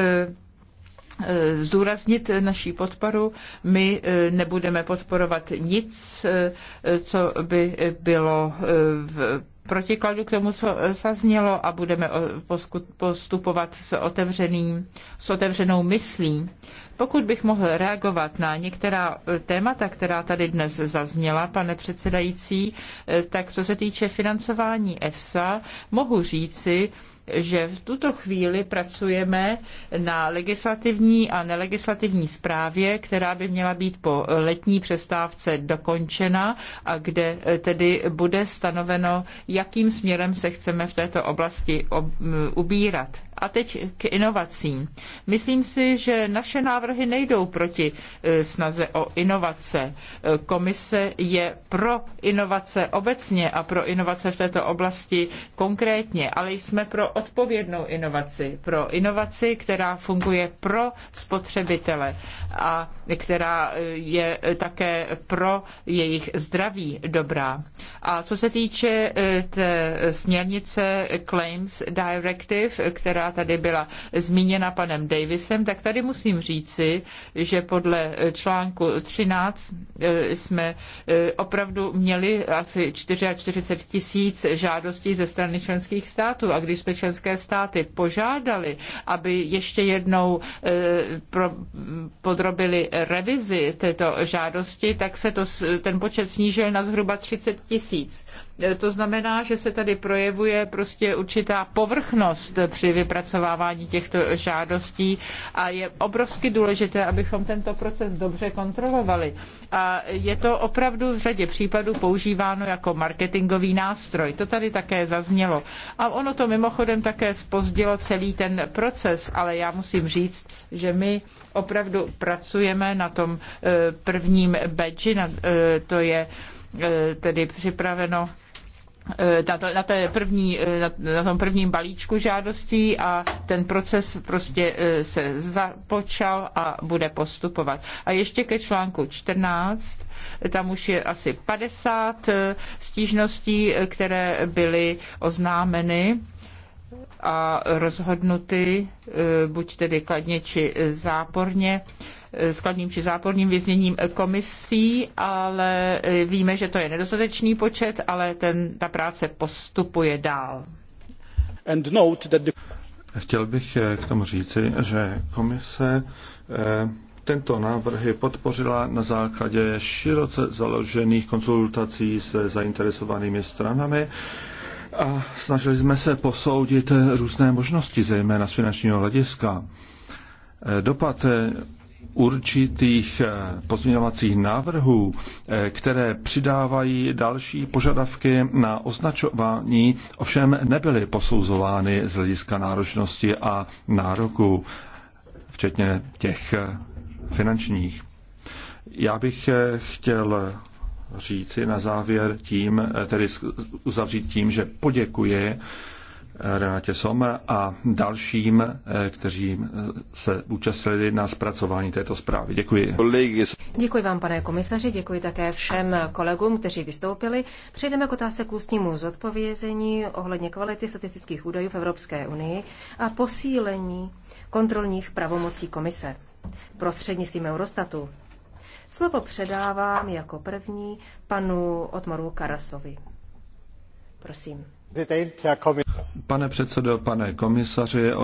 zúraznit naší podporu. My nebudeme podporovat nic, co by bylo v protikladu k tomu, co zaznělo a budeme eh, postupovat s, otevřeným, s otevřenou myslí. Pokud bych mohl reagovat na některá eh, témata, která tady dnes zazněla, pane předsedající, eh, tak co se týče financování EFSA, mohu říci, že v tuto chvíli pracujeme na legislativní a nelegislativní zprávě, která by měla být po letní přestávce dokončena a kde eh, tedy bude stanoveno, jakým směrem se chceme v této oblasti ubírat. A teď k inovacím. Myslím si, že naše návrhy nejdou proti e, snaze o inovace. E, komise je pro inovace obecně a pro inovace v této oblasti konkrétně, ale jsme pro odpovědnou inovaci, pro inovaci, která funguje pro spotřebitele a která e, je také pro jejich zdraví dobrá. A co se týče té směrnice Claims Directive, která tady byla zmíněna panem Davisem, tak tady musím říci, že podle článku 13 eh, jsme eh, opravdu měli asi 44 tisíc žádostí ze strany členských států a když jsme členské státy požádali, aby ještě jednou eh, podrobili revizi této žádosti, tak se to, ten počet snížil na zhruba 30 tisíc. E, to znamená, že se tady projevuje prostě určitá povrchnost při vypracovávání těchto žádostí a je obrovsky důležité, abychom tento proces dobře kontrolovali. A je to opravdu v řadě případů používáno jako marketingový nástroj. To tady také zaznělo. A ono to mimochodem také spozdilo celý ten proces, ale já musím říct, že my opravdu pracujeme na tom e, prvním badge, to je e, tedy připraveno Eh, na, té první, eh, na, tom prvním balíčku žádostí a ten proces prostě eh, se započal a bude postupovat. A ještě ke článku 14 tam už je asi 50 stížností, které byly oznámeny a rozhodnuty, buď tedy kladně či záporně, skladním či záporným vězněním komisí, ale e, víme, že to je nedostatečný počet, ale ten, ta práce postupuje dál. Chtěl bych e, k tomu říci, že komise e, tento návrh podpořila na základě široce založených konzultací se zainteresovanými stranami a snažili jsme se posoudit různé možnosti, zejména z finančního hlediska. Dopad určitých eh, pozměňovacích návrhů, eh, které přidávají další požadavky na označování, ovšem nebyly posouzovány z hlediska náročnosti a nároku, včetně těch eh, finančních. Já bych chtěl říci na závěr tím, tedy uzavřít tím, že poděkuji Renatě Sommer a dalším, eh, kteří eh, se účastnili na zpracování této zprávy. Děkuji. Děkuji vám, pane komisaři, děkuji také všem kolegům, kteří vystoupili. Přejdeme k otázce k ústnímu zodpovězení ohledně kvality statistických údajů v Evropské unii a posílení kontrolních pravomocí komise prostřednictvím Eurostatu. Slovo předávám jako první panu Otmaru Karasovi. Prosím. Pane předsedo, pane komisaři,